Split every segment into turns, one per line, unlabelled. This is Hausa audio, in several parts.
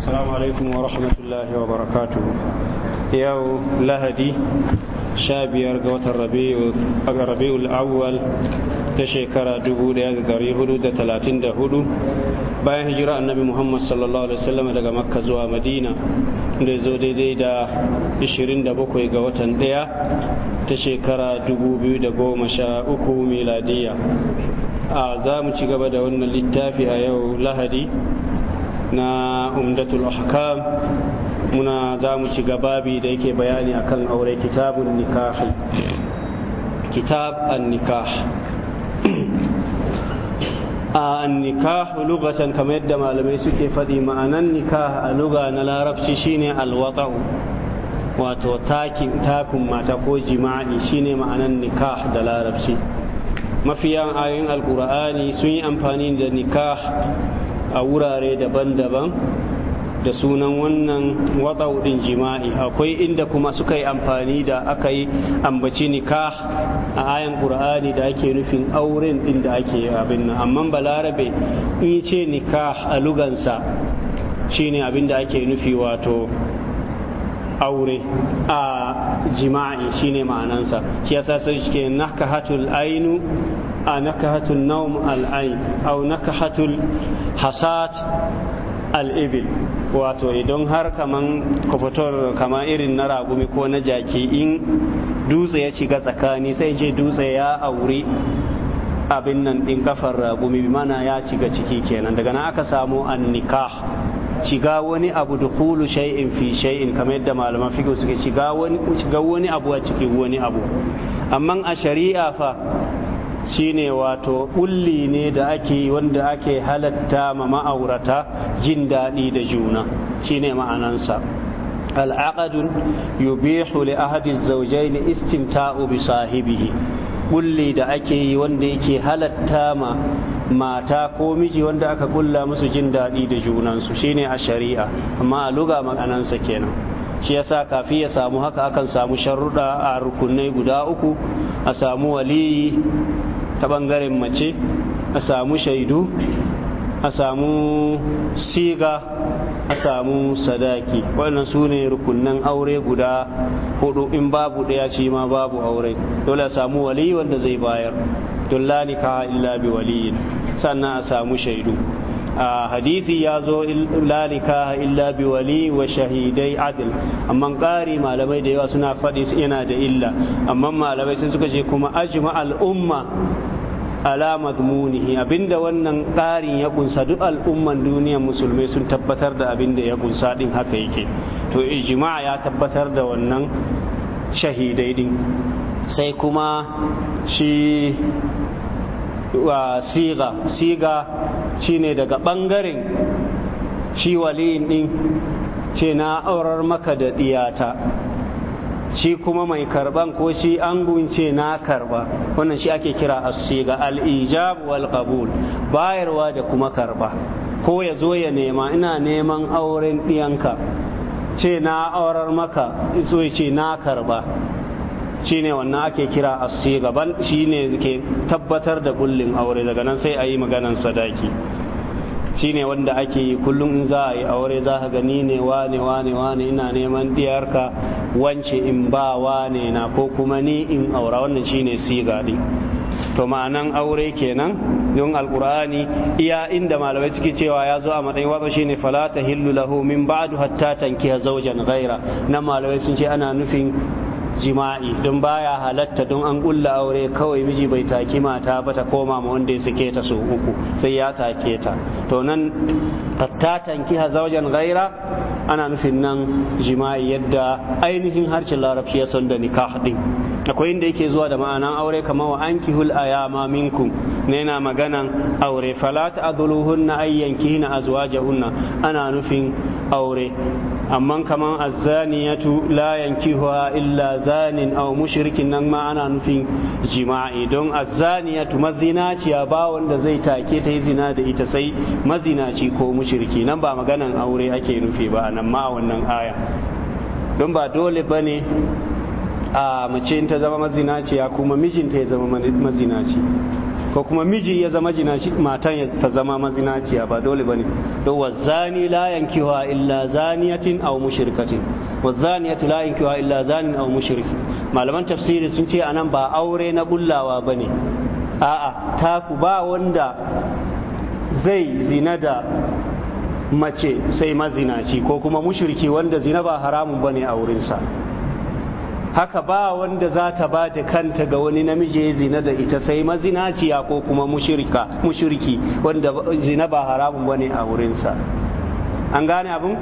السلام عليكم ورحمة الله وبركاته يو لهدي شابير قوة الربيع الربيع الأول تشكر دبو ديال غري تلاتين دا هدو bayan hijira annabi muhammad sallallahu alaihi daga makka zuwa madina da zo daidai da 27 ga watan daya ta shekara 2013 miladiya a za mu ci gaba da wannan littafi a yau lahadi na umdatul ahkam muna za mu ci gababi da yake bayani akan aure kitabun nikahi kitab an-nikah an-nikah lugatan kamar yadda malamai suke faɗi ma'anan nikah a luga na larabci shine alwata'u wato takin takun mata ko jima'i shine ma'anan nikah da larabci mafiyan ayoyin alkur'ani sun yi amfani da nikah a wurare daban-daban da sunan wannan watsau ɗin jima'i akwai inda kuma suka yi amfani da aka yi ambaci nikah a ayan qur'ani da ake nufin auren ɗin da ake abin nan amma balarabe in ce nikah a lugansa shine abin da ake nufi wato aure a jima'i shine ma'anansa Kiyasa sai shi ke nakahatul ainu نكهة النوم العين أو نكهة الحصاد الإبل wato idan har kaman kufutor kama irin na ragumi ko na jaki in dutse ya shiga tsakani sai je dutse ya auri abin nan din kafar ragumi mana ya shiga ciki kenan daga nan aka samu an nikah shiga wani abu dukulu shay'in fi shay'in kamar yadda malaman fiqh suke shiga wani shiga wani abu a cikin wani abu amma a shari'a fa shine wato bulli ne da ake wanda ake halatta ma ma'aurata jin daɗi da juna shine ma'anansa al'aqadun yubihu li ahadi zawjayn istimta'u bi sahibihi bulli da ake yi wanda yake halatta ma mata ko miji wanda aka kulla musu jin daɗi da junansu shine a shari'a amma a luga ma'anansa kenan shi yasa kafi ya samu haka akan samu sharuɗa a rukunai guda uku a samu waliyi ta ɓangaren mace a samu shaidu a samu siga a samu sadaki wannan su ne rukunan aure guda hudu in babu ɗaya ce ma babu aure dole a samu wali wanda zai bayar dullani ka illa bi waliyin sannan a samu shaidu hadisi ya zo lalika illa bi wali wa shahidai adil amma ƙari malamai da yawa suna faɗi yana da illa amma malamai sai suka ce kuma ajma al'umma ala madmunihi abinda wannan ƙarin ya kunsa duk al'umman duniyar musulmai sun tabbatar da abinda ya kunsa din haka yake to ijma ya tabbatar da wannan shahidai din sai kuma shi wa siga siga shine daga ɓangaren shi waliyin ɗin ce na aurar maka da ɗiyata shi kuma mai karban ko shi an ce na karba wannan shi ake kira asiga siga al wal qabul bayarwa da kuma karba ko ya zo ya nema ina neman auren ɗiyanka ce na aurar maka so ce na karba Shi ne wannan ake kira a as gaban shi ne ke tabbatar da kullin aure daga nan sai ayi maganan sadaki shi ne wanda ake yi kullum in za a yi aure za ka gani ne wane wane wane ina neman diyarka wance in ba wane na ko kuma ni in aura wannan shi ne siga din to ma'anan aure kenan don alkur'ani iya inda malamai suke cewa ya zo a matsayin watsa ne falata hillu lahu min ba'du hatta tankiya Zaujan ghaira nan malamai sun ce ana nufin jima'i don baya halatta don an kulla aure kawai miji bai taki mata ba ta koma ma wanda ya suke ta su uku sai ya take ta to nan ta tanki zawjan gaira ana nufin nan jima'i yadda ainihin harshen larabci ya san da nikah din akwai inda yake zuwa da ma'anan aure kamar wa ankihul ayama minkum ne na maganan aure fala ta aduluhunna ayyankihina azwajahunna ana nufin aure amma kaman azzaniyatu la yankihuha illa zanin aw mushrikin nan ma ana nufin jima'i don azzaniyatu mazinaciya ba wanda zai take ta yi zina da ita sai mazinaci ko mushriki nan ba maganan aure ake nufi ba nan ma wannan aya don ba dole bane a mace ta zama mazinaciya kuma mijinta ya zama mazinaci ko kuma miji ya zama shi matan ta zama mazinaciya ba dole bane don wazani la yankiwa illa zaniyatin aw mushrikatin wazaniyatu la yankiwa illa zanin aw mushrik malaman tafsiri sun ce anan ba aure na bullawa bane a'a ta ku ba wanda zai zina da mace sai mazinaci ko kuma mushriki wanda zina ba haramun bane a wurinsa haka ba wanda za ta ba da kanta ga wani namiji ya zina da ita sai mazinaciya ko kuma mushirka mushirki wanda zina ba haramun bane a wurinsa an gane abin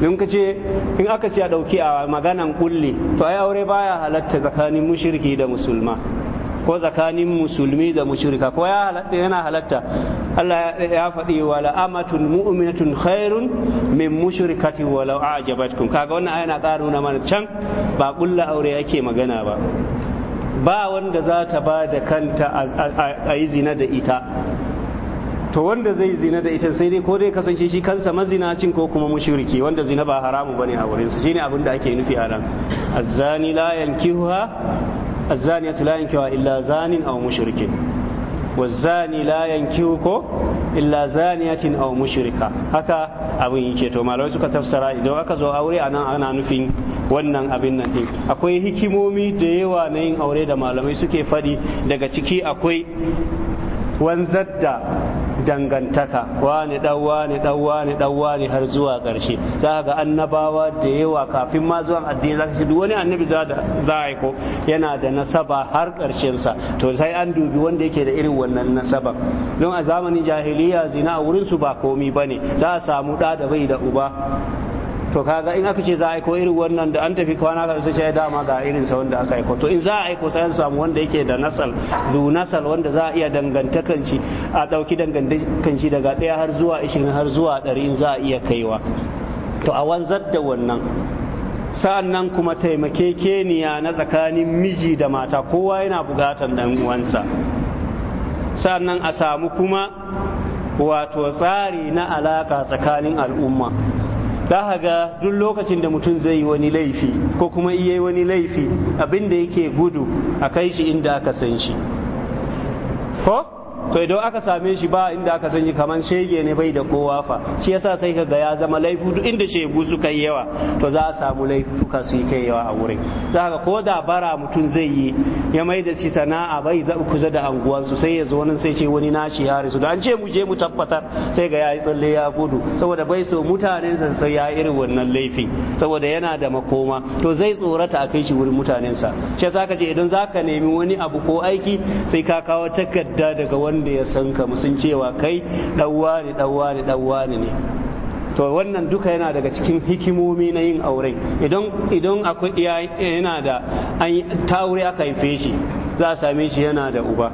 don ka ce in aka ce a ɗauki a maganan kulle to ai aure baya halatta tsakanin mushirki da musulma ko tsakanin musulmi da mushrika ko ya halatta yana halatta Allah ya faɗi wala amatun mu'minatun khairun min mushrikatin wala a'jabatkum kaga wannan aya na ƙara nuna mana can ba kulla aure yake magana ba ba wanda za ta ba da kanta a yi zina da ita to wanda zai zina da ita sai dai ko dai kasance shi kansa mazinacin ko kuma mushriki wanda zina ba haramu bane a wurin shine abin da ake nufi a nan azzani la yankihuha الزانية لا ينكوها إلا زان أو مشرك والزاني لا ينكوكو إلا زانية أو mushrika هكا أبو ينكيتو ما لو suka tafsara idan aka zo aure أنا ana nufin wannan abin nan din akwai hikimomi da yawa na yin aure da malamai suke fadi daga ciki akwai wanzar da dangantaka wani dan wani dan wani dan wani har zuwa ƙarshe za ga annabawa da yawa kafin ma zuwan addini za ka duk wani annabi za a aiko yana da nasaba har ƙarshensa to sai an dubi wanda yake da irin wannan nasaba don a zamanin jahiliya zina a wurinsu ba komi ba ne za a samu ɗa da bai da uba to kaga in aka ce za a aiko irin wannan da an tafi kwana ka su ce dama ga irin sa wanda aka aiko to in za a aiko sai an samu wanda yake da nasal zu nasal wanda za a iya dangantakan shi a dauki dangantakan shi daga daya har zuwa 20 har zuwa 100 in za a iya kaiwa to a wanzar da wannan sa'an nan kuma taimakekeniya na tsakanin miji da mata kowa yana bugatan ɗan uwansa sa'an nan a samu kuma wato tsari na alaka tsakanin al'umma za ga duk lokacin da mutum zai yi wani laifi ko kuma iya yi wani laifi abin da yake gudu a kai shi inda aka san shi ko to idan aka same shi ba inda aka sanyi kamar shege ne bai da kowa fa shi yasa sai ka ga ya zama laifu duk inda shegu suka yi yawa to za a samu laifuka su kai yawa a wurin za haka ko da bara mutum zai yi ya mai da ci sana'a bai za kusa da anguwansu sai ya zo nan sai ce wani nashi ya risu da an ce mu je mu tabbatar sai ga ya yi tsalle ya gudu saboda bai so mutanensa sai ya irin wannan laifi saboda yana da makoma to zai tsorata a kai shi wurin mutanensa shi yasa ka ce idan zaka nemi wani abu ko aiki sai ka kawo takarda daga wani wanda ya san ka musun cewa kai ɗauwa ne ɗauwa ne ɗauwa ne to wannan duka yana daga cikin hikimomi na yin auren idan idan akwai yana da an ta aka haife shi za a same shi yana da uba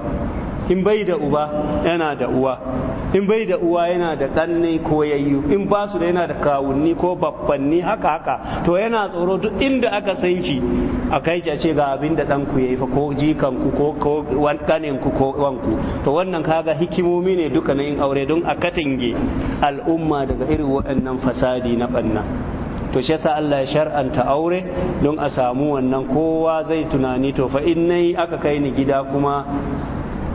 in bai da uba yana da uwa in bai da uwa yana da ɗanne ko yayyu in ba su da yana da kawunni ko babbanni haka haka to yana tsoro duk inda aka san shi a kai shi a ce ga abin da ɗanku ya yi fa ko jikanku ko ko ko wanku to wannan kaga hikimomi ne duka na yin aure don a katange al'umma daga irin waɗannan fasadi na ɓanna to shi yasa Allah ya shar'anta aure don a samu wannan kowa zai tunani to fa in nayi aka kai ni gida kuma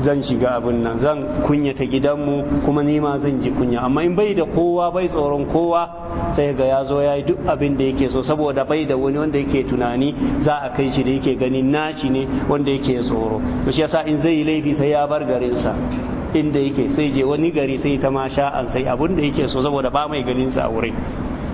zan shiga abin nan zan kunyata gidanmu kuma nima zan ji kunya amma in bai da kowa bai tsoron kowa sai ga ya zo ya yi duk abin da yake so saboda bai da wani wanda yake tunani za a kai shi da yake ganin naci ne wanda yake tsoro to shi yasa in zai yi laifi sai ya bar garinsa inda yake sai je wani gari sai ta ma sha sai abin da yake so saboda ba mai ganin sa a wurin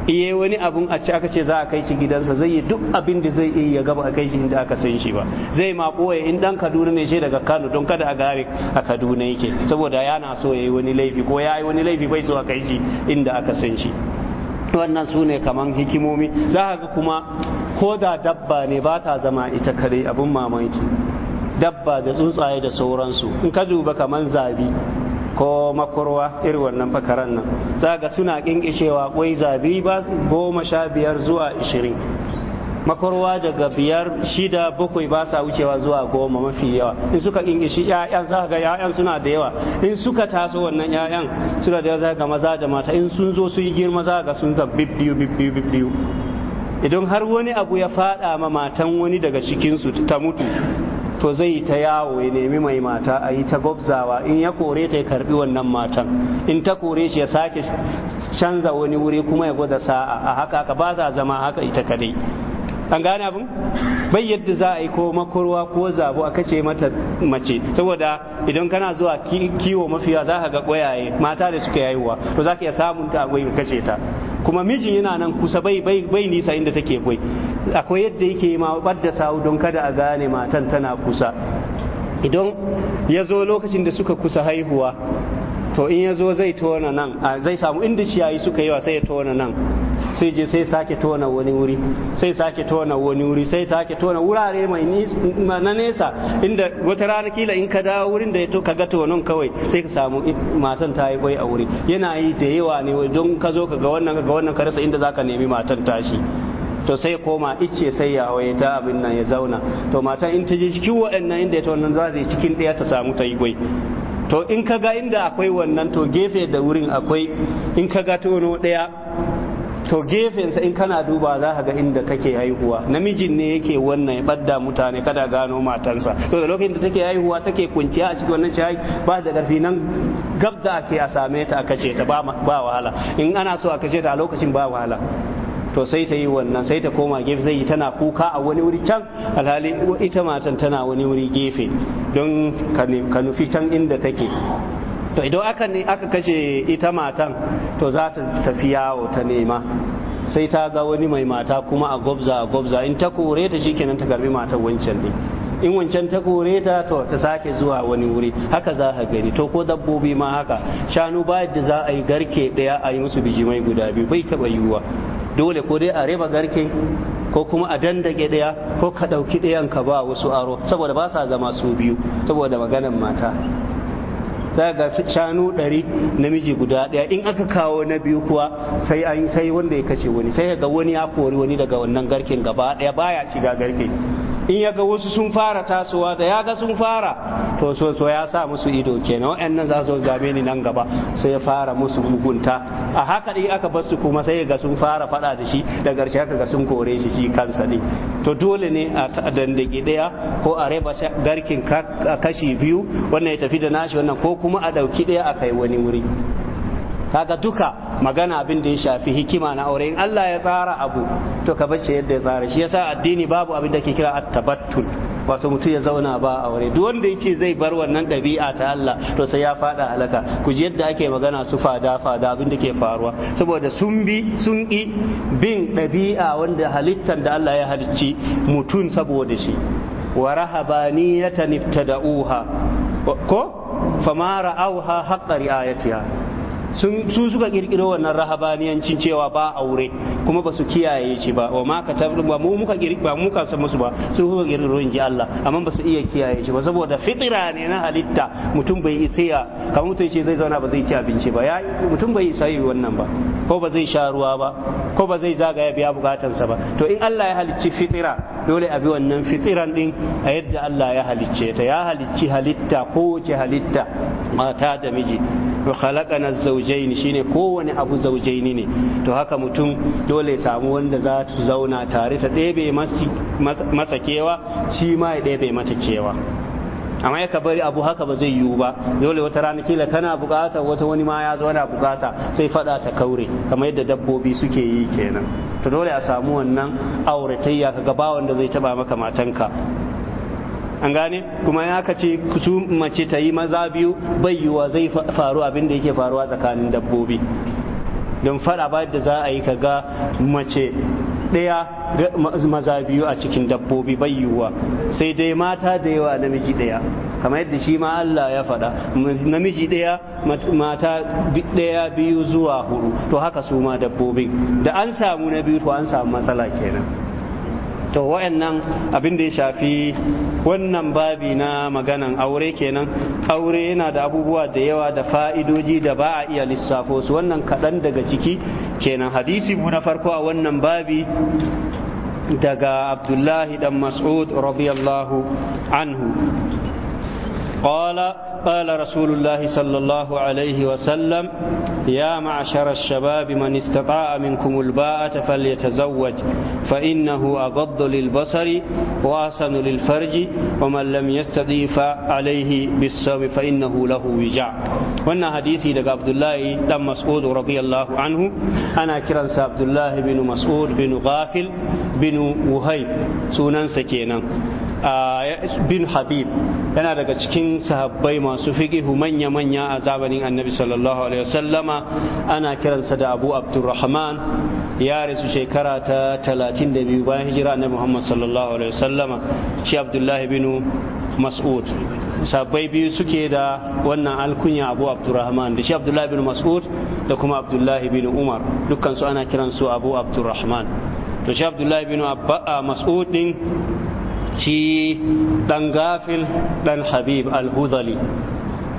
iye wani abun a ci aka ce za a kai shi gidansa zai yi duk abin da zai iya gaba a kai shi inda aka san shi ba zai ma ɓoye in dan kaduna ne shi daga kano don kada a gare a kaduna yake saboda yana so ya yi wani laifi ko ya yi wani laifi bai so a kai shi inda aka san shi wannan su ne kaman hikimomi za ga kuma ko da dabba ne ba ta zama ita kare abun mamaki dabba da tsuntsaye da sauransu in ka duba kaman zabi ko makurwa irin wannan bakaran nan za ga suna kinkishewa kwai zabi ba goma sha biyar zuwa ishirin makurwa daga biyar shida bakwai ba sa wucewa zuwa goma mafi yawa in suka kinkishi 'ya'yan za ga 'ya'yan suna da yawa in suka taso wannan 'ya'yan suna da yawa za ga maza da mata in sun zo su yi girma za ga sun ga bibbiyu bibbiyu bibbiyu idan har wani abu ya faɗa ma matan wani daga cikinsu ta mutu to zai ta yawo ya nemi mai mata a yi ta gwabzawa in ya kore ta ya karbi wannan matan in ta kore shi ya sake canza wani wuri kuma ya gwada sa'a a haka haka ba za zama haka ita kadai an gane abin bai yadda za a yi ko makorwa ko zabo a kace mata mace saboda idan kana zuwa kiwo mafiya za ka ga ƙwayaye mata da suke haihuwa to za ka iya samun ta a kace ta kuma mijin yana nan kusa bai bai nisa inda take kwai akwai yadda yake ma ɓadda sawu don kada a gane matan tana kusa idan ya zo lokacin da suka kusa haihuwa to in ya zo zai tona nan zai samu inda yayi suka yiwa sai ya tona nan sai je sai sake tona wani wuri sai sake tona wani wuri sai sake tona wurare mai na nesa inda wata rana kila in ka dawo wurin da ya ka ga tonon kawai sai ka samu matan ta yi kwai a wuri yana yi da yawa ne don ka zo ka ga wannan ka ga wannan ka rasa inda zaka nemi matan tashi to sai koma icce sai ya waye abin nan ya zauna to mata in ta je cikin waɗannan inda ya wannan za yi cikin ɗaya ta samu ta yi gwai to in ka ga inda akwai wannan to gefe da wurin akwai in ka ga tono ɗaya to gefensa in kana duba za ka ga inda take haihuwa namijin ne yake wannan ya ɓadda mutane kada gano matansa to da lokacin da take haihuwa take kunciya a cikin wannan shayi ba da ƙarfi nan gab da ake a same ta a kace ta ba wahala in ana so a kace ta a lokacin ba wahala to sai ta yi wannan sai ta koma gefe zai yi tana kuka a wani wuri can alhali ita matan tana wani wuri gefe don ka nufi can inda take to idan aka aka kashe ita matan to za ta tafi yawo ta nema sai ta ga wani mai mata kuma a gobza a gobza in ta kore ta shikenan ta karbi matan wancan ne in wancan ta kore ta to ta sake zuwa wani wuri haka za ka gani to ko dabbobi ma haka shanu ba yadda za a yi garke daya a yi musu bijimai guda biyu bai taba yiwuwa dole ko dai a reba garke ko kuma a dandake ɗaya ko ka ɗauki ɗayan ka ba wasu aro saboda ba sa zama su biyu saboda maganan mata za ga shanu ɗari namiji guda ɗaya in aka kawo na biyu kuwa sai an sai wanda ya kashe wani sai ga wani ya kori wani daga wannan garken gaba ɗaya baya shiga garke in ya ga wasu sun fara tasowa da ya ga sun fara to so so ya sa musu ido kenan wayannan za su game ni nan gaba sai ya fara musu mugunta a haka dai aka bar su kuma sai ga sun fara faɗa da shi da ƙarshe aka ga sun kore shi shi kansa ne to dole ne a dandaki ɗaya ko a raba garkin kashi biyu wannan ya tafi da nashi wannan ko kuma a ɗauki ɗaya a kai wani wuri kaga duka magana abin da ya shafi hikima na aure in Allah ya tsara abu to ka bace yadda ya tsara shi yasa addini babu abin da ke kira at-tabattul wato mutum ya zauna ba aure duk wanda yace zai bar wannan ɗabi'a ta Allah to sai ya fada halaka ku ji yadda ake magana su fada fada abin da ke faruwa saboda sun bi sun ki bin ɗabi'a wanda halittar da Allah ya halicci mutum saboda shi wa rahabaniyatan ibtada'uha ko fama auha haqqa ri'ayatiha su suka kirkiro wannan rahabaniyancin cewa ba aure kuma ba su kiyaye shi ba wa ma ka ba mu muka ba mu ka san musu ba su suka kirkiro inji Allah amma ba su iya kiyaye shi ba saboda fitira ne na halitta mutum bai isa ya kamar mutum ce zai zauna ba zai ci abinci ba ya mutum bai isa yi wannan ba ko ba zai sha ruwa ba ko ba zai zagaya biya bukatansa ba to in Allah ya halicci fitira dole a bi wannan fitiran din a yadda Allah ya halicce ta ya halicci halitta ko ce halitta mata da miji wa khalaqana zaujaini shine kowane abu zaujaini ne to haka mutum dole samu wanda za su zauna tare ta ɗebe masa kewa shi ma ya ɗebe mata kewa amma ya bari abu haka ba zai yiwu ba dole wata rana kila kana bukata wata wani ma ya zo ana bukata sai fada ta kaure kamar yadda dabbobi suke yi kenan to dole a samu wannan auratayya ka ga ba wanda zai taba maka matanka an gane kuma ya ka ce su mace ta yi maza biyu bai yiwa zai faru abin da yake faruwa tsakanin dabbobi don faɗa ba da za a yi ka ga mace ɗaya maza biyu a cikin dabbobi bai yiwuwa sai dai mata da yawa namiji ɗaya kamar yadda shi ma Allah ya faɗa namiji ɗaya mata ɗaya biyu zuwa hudu to haka su ma dabbobin da an samu na biyu to an samu matsala kenan to wa'annan abin da ya shafi wannan babi na maganan aure kenan aure yana da abubuwa da yawa da fa'idoji da ba a iya lissafo su wannan kaɗan daga ciki kenan hadisi mu na farko a wannan babi daga abdullahi dan mas'ud radiyallahu anhu قال قال رسول الله صلى الله عليه وسلم يا معشر الشباب من استطاع منكم الباءة فليتزوج فإنه أغض للبصر وأحسن للفرج ومن لم يستضيف عليه بالصوم فإنه له وجع وأن حديثي لك عبد الله بن مسعود رضي الله عنه أنا كرنس عبد الله بن مسعود بن غافل بن وهيب سنن سكينا Ah, bin habib yana daga cikin sahabbai masu fiqihu manya-manya a zamanin annabi sallallahu alaihi wasallama ana kiransa da abu abdurrahman ya rasu shekara ta 32 bayan hijira annabi muhammad sallallahu alaihi wasallama shi abdullahi bin mas'ud sahabbai biyu suke da wannan alkunya abu abdurrahman da shi abdullahi bin mas'ud da kuma abdullahi bin umar dukansu ana kiransu abu abdurrahman to shi abdullahi bin ah, mas'ud din shi dan gafil dan habib al hudali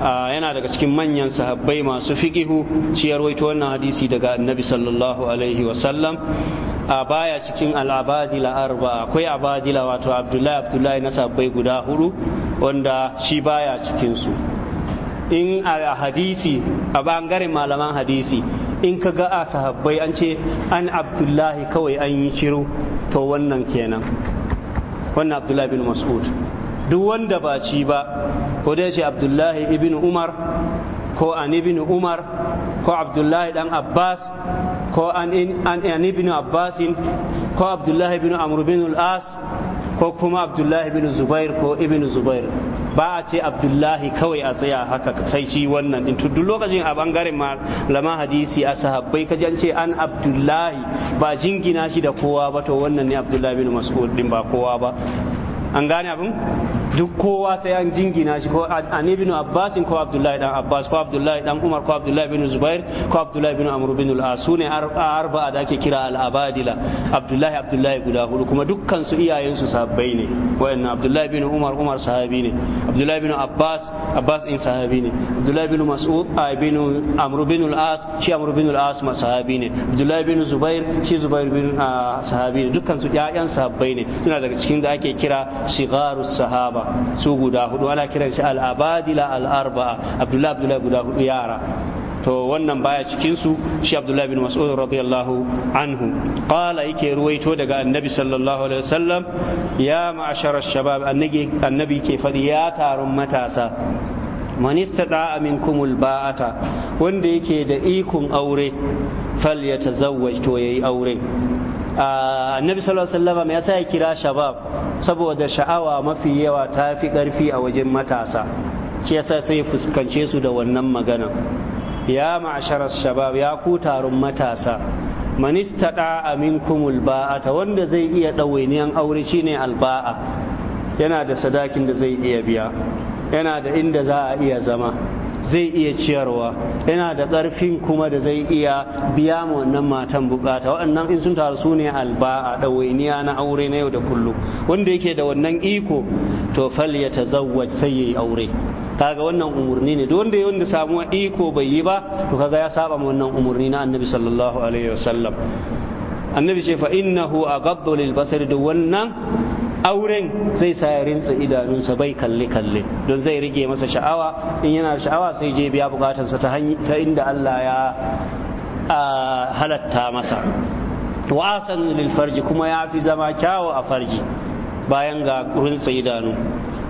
ah, yana daga cikin manyan sahabbai masu fiqihu shi ya rawaito wannan hadisi daga annabi sallallahu alaihi wasallam a ah, baya cikin al'abadila arba akwai abadila wato abdullahi abdullahi na sahabbai guda hudu wanda shi baya cikinsu in a hadisi a bangaren malaman hadisi in ka ga a sahabbai an ce an abdullahi kawai an yi ciro to wannan kenan wannan abdullahi bin mas'ud duk wanda ba ci ba ko dai ce abdullahi ibn umar ko an ibn umar ko abdullahi dan abbas ko an ibn abbasin ko abdullahi ibn amr bin al-as ko kuma abdullahi bin zubair ko ibn zubair ba a ce abdullahi kawai a tsaya haka sai shi wannan in tuddu lokacin a bangaren malama hadisi a sahabbai ka an ce an abdullahi ba jingina shi da kowa ba to wannan ne abdullahi bin mas'ud din ba kowa ba an gane abin duk kowa sai an jingina shi ko an ibn abbas ko abdullahi dan abbas ko abdullahi dan umar ko abdullahi bin zubair ko abdullahi bin amr bin al sune arba da ake kira al abadila abdullahi abdullahi guda hudu kuma dukkan su iyayen su sahabbai ne wayannan abdullahi bin umar umar sahabi ne abdullahi bin abbas abbas in sahabi ne abdullahi bin mas'ud bin amr bin al shi amr bin al ma sahabi ne abdullahi bin zubair shi zubair bin sahabi ne dukkan su iyayen sahabbai ne suna daga cikin da ake kira shigarus sahaba su guda hudu ana kiran shi al-abadila al-arba'a guda hudu yara to wannan baya cikinsu shi Abdullah bin Mas'ud radiyallahu anhu qala yake ruwaito daga annabi sallallahu alaihi wasallam ya ma'ashara shabab annabi ke fadi ya tarun matasa man istata'a kumul ba'ata wanda yake da ikon aure falyatazawwaj to yayi aure Ah, annabi sallallahu alaihi wasallam ya sa ya kira shabab saboda sha'awa mafi yawa ta fi karfi a wajen matasa shi yasa sai fuskance su da wannan magana ya ma'asharar shabab ya ku taron matasa manista da aminkumul ba'ata wanda zai iya ɗawainiyan aure shine alba'a yana da sadakin da zai iya biya yana da inda za a iya zama zai iya ciyarwa yana da ƙarfin kuma da zai iya biya ma wannan matan bukata waɗannan in sun taru su ne alba'a ɗawainiya na aure na yau da kullum wanda yake da wannan iko to fal ya tazawwaj sai ya yi aure kaga wannan umarni ne duk wanda wanda samu iko bai yi ba to kaga ya saba ma wannan umarni na annabi sallallahu alaihi wasallam annabi ce fa innahu a lil basar da wannan auren zai sa ya rintsa idanunsa bai kalle kalle don zai rige masa sha'awa in yana sha'awa sai je biya bukatarsa ta ta inda Allah ya halatta masa wa asan lil farji kuma ya fi zama kyawu a farji bayan ga rintsa idanu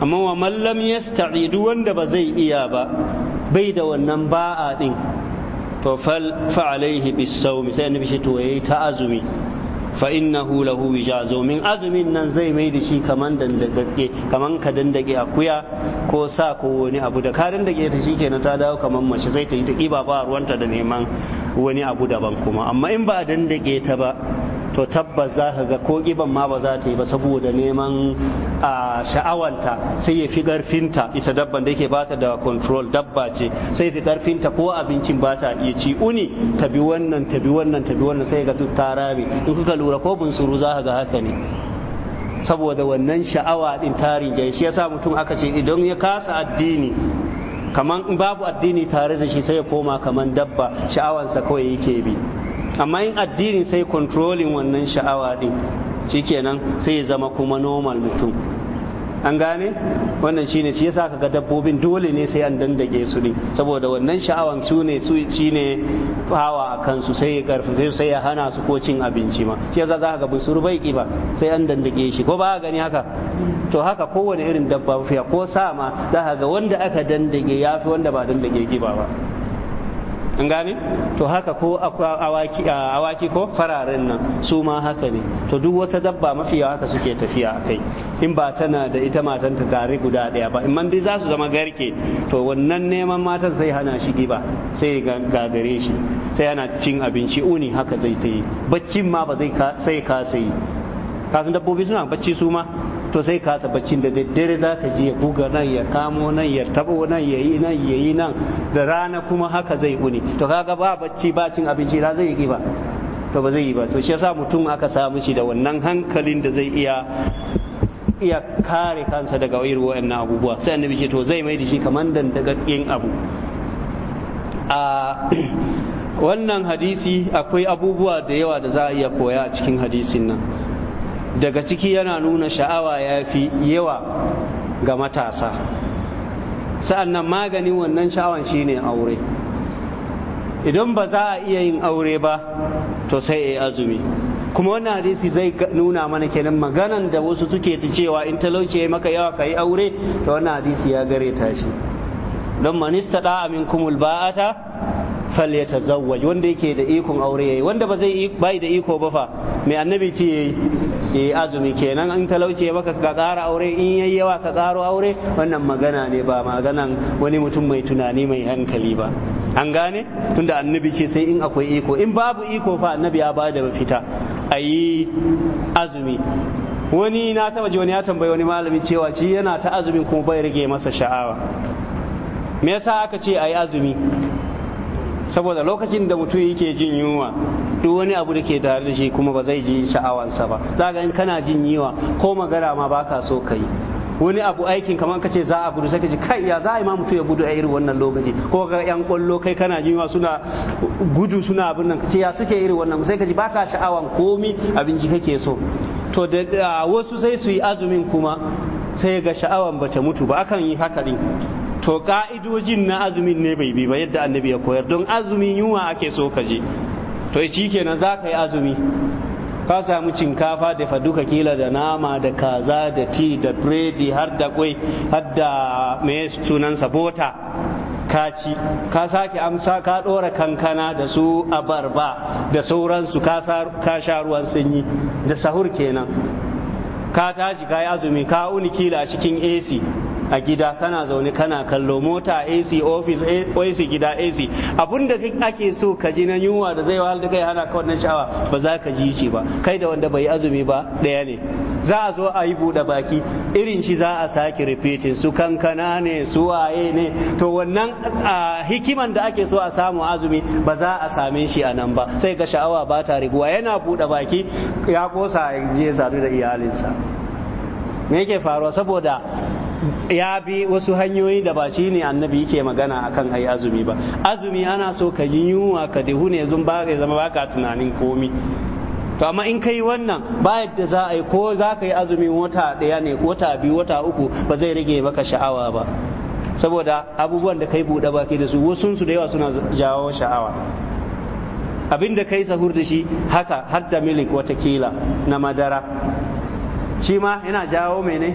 amma wa mallam yasta'idu wanda ba zai iya ba bai da wannan ba'a din to fal fa alaihi bis sai annabi shi to yayi ta azumi fa innahu lahu wija domin azumin nan zai mai da shi kaman dandage kaman ka dandage akuya ko sa ko wani abu da ka dandage ta shikenan ta dawo kaman mace zai ta yi ta kiba ba ruwanta da neman wani abu daban kuma amma in ba a dandage ta ba to tabbas za ka ga ko ƙiban ma ba za ta yi ba saboda neman a sha'awanta sai ya fi ƙarfinta ita dabban da yake bata da control dabba ce sai fi ƙarfinta ko abincin ba ta iya ci uni ta bi wannan ta bi wannan ta bi wannan sai ga duk ta in kuka lura ko suru za ka ga haka ne saboda wannan sha'awa din tarin jai shi yasa mutum aka ce idan ya kasa addini kaman babu addini tare da shi sai ya koma kaman dabba sha'awansa kawai yake bi amma in addini sai controlling wannan sha'awa din shikenan sai ya zama kuma normal mutum an gane wannan shine shi yasa kaga dabbobin dole ne sai an dandage su ne saboda wannan sha'awan su ne su shine fawa a kansu sai ya karfi sai ya hana su ko cin abinci ma shi yasa za ka ga busuru bai ki ba sai an dandage shi ko ba gani haka to haka kowane irin dabba fiya ko sa ma za ka ga wanda aka dandage yafi wanda ba dandage ki ba ba an gane to haka ko awaki awaki ko fararen nan su ma haka ne to duk wata dabba mafi yawa haka suke tafiya kai in ba tana da ita matan ta tare guda daya ba in man dai za su zama garke to wannan neman matan sai hana shi giba sai ga gare shi sai yana cin abinci uni haka zai ta yi baccin ma ba zai sai ka sai kasan dabbobi suna bacci su ma to sai kasa baccin da daddare za ka je ya buga nan ya kamo nan ya tabo nan ya yi nan ya yi nan da rana kuma haka zai uni to kaga ba bacci ba cin abinci da zai yi ba to ba zai yi ba to shi yasa mutum aka samu shi da wannan hankalin da zai iya iya kare kansa daga irin waɗannan abubuwa sai annabi ce to zai mai da shi kamar dan daga yin abu a wannan hadisi akwai abubuwa da yawa da za a iya koya a cikin hadisin nan daga ciki yana nuna sha'awa ya fi yawa ga matasa sa'annan maganin wannan sha'awan shine aure idan ba za a iya yin aure ba to sai a azumi kuma wani hadisi zai nuna mana kenan maganan da wasu suke ta cewa in talauci ya maka yawa ka yi aure to wannan hadisi ya gare ta shi don manista da amin kumul ba'ata falyatazawwaj wanda yake da ikon aure yayi wanda ba zai bai da iko ba fa mai annabi ce yayi azumi kenan in talauce maka ka ƙara aure in yayi yawa ka ƙaro aure wannan magana ne ba maganan wani mutum mai tunani mai hankali ba an gane tunda annabi ce sai in akwai iko in babu iko fa annabi ya bada mafita ayi azumi wani na taba ji wani ya tambayi wani malami cewa shi yana ta azumin kuma bai rage masa sha'awa me yasa aka ce ayi azumi saboda lokacin da mutum yake jin yunwa duk wani abu da ke tare da shi kuma ba zai ji sha'awansa ba za ga in kana jin yiwa ko magana ma baka so ka yi wani abu aikin kamar ka ce za a gudu sai ka ji kai ya za a yi ma mutum ya gudu a irin wannan lokaci ko ga yan kwallo kai kana jin suna gudu suna abin nan ka ce ya suke irin wannan sai ka ji baka sha'awan komi abinci kake so to da wasu sai su yi azumin kuma sai ga sha'awan bata mutu ba akan yi haka din to ka'idojin na azumin ne bai bi ba yadda annabi ya koyar don azumin yunwa ake so ka je to shi kenan za ka yi azumi ka samu cinkafa da faduka kila da nama da kaza da ti da biredi har da kwai har da mai sunansa bota ka ci ka sake amsa ka ɗora kankana da su abarba da sauransu ka sha ruwan sanyi da sahur kenan ka tashi ka yi azumi ka wuni kila cikin AC a gida kana zaune kana kallo mota AC office AC gida AC abinda ake so ka ji na yunwa da zai wahal da kai hana ka wannan sha'awa ba za ka ji shi ba kai da wanda bai azumi ba daya ne za a zo a yi buɗe baki irin shi za a sake repeating su kankana ne su waye ne to wannan hikiman da ake so a samu azumi ba za a same shi a nan ba sai ga sha'awa ba ta riguwa yana buɗe baki ya kosa ya je da iyalinsa me yake faruwa saboda ya bi wasu hanyoyi da ba shi ne annabi yake magana akan ai azumi ba azumi ana so ka yi yunwa ka dehu ne yanzu ba zama baka tunanin komi to amma in kai wannan ba yadda za a yi ko za ka yi azumi wata ɗaya ne wata biyu wata uku ba zai rage maka sha'awa ba saboda abubuwan da kai buɗe baki da su wasu su da yawa suna jawo sha'awa abin da kai sahur da shi haka har da milik watakila na madara shi ma yana jawo mene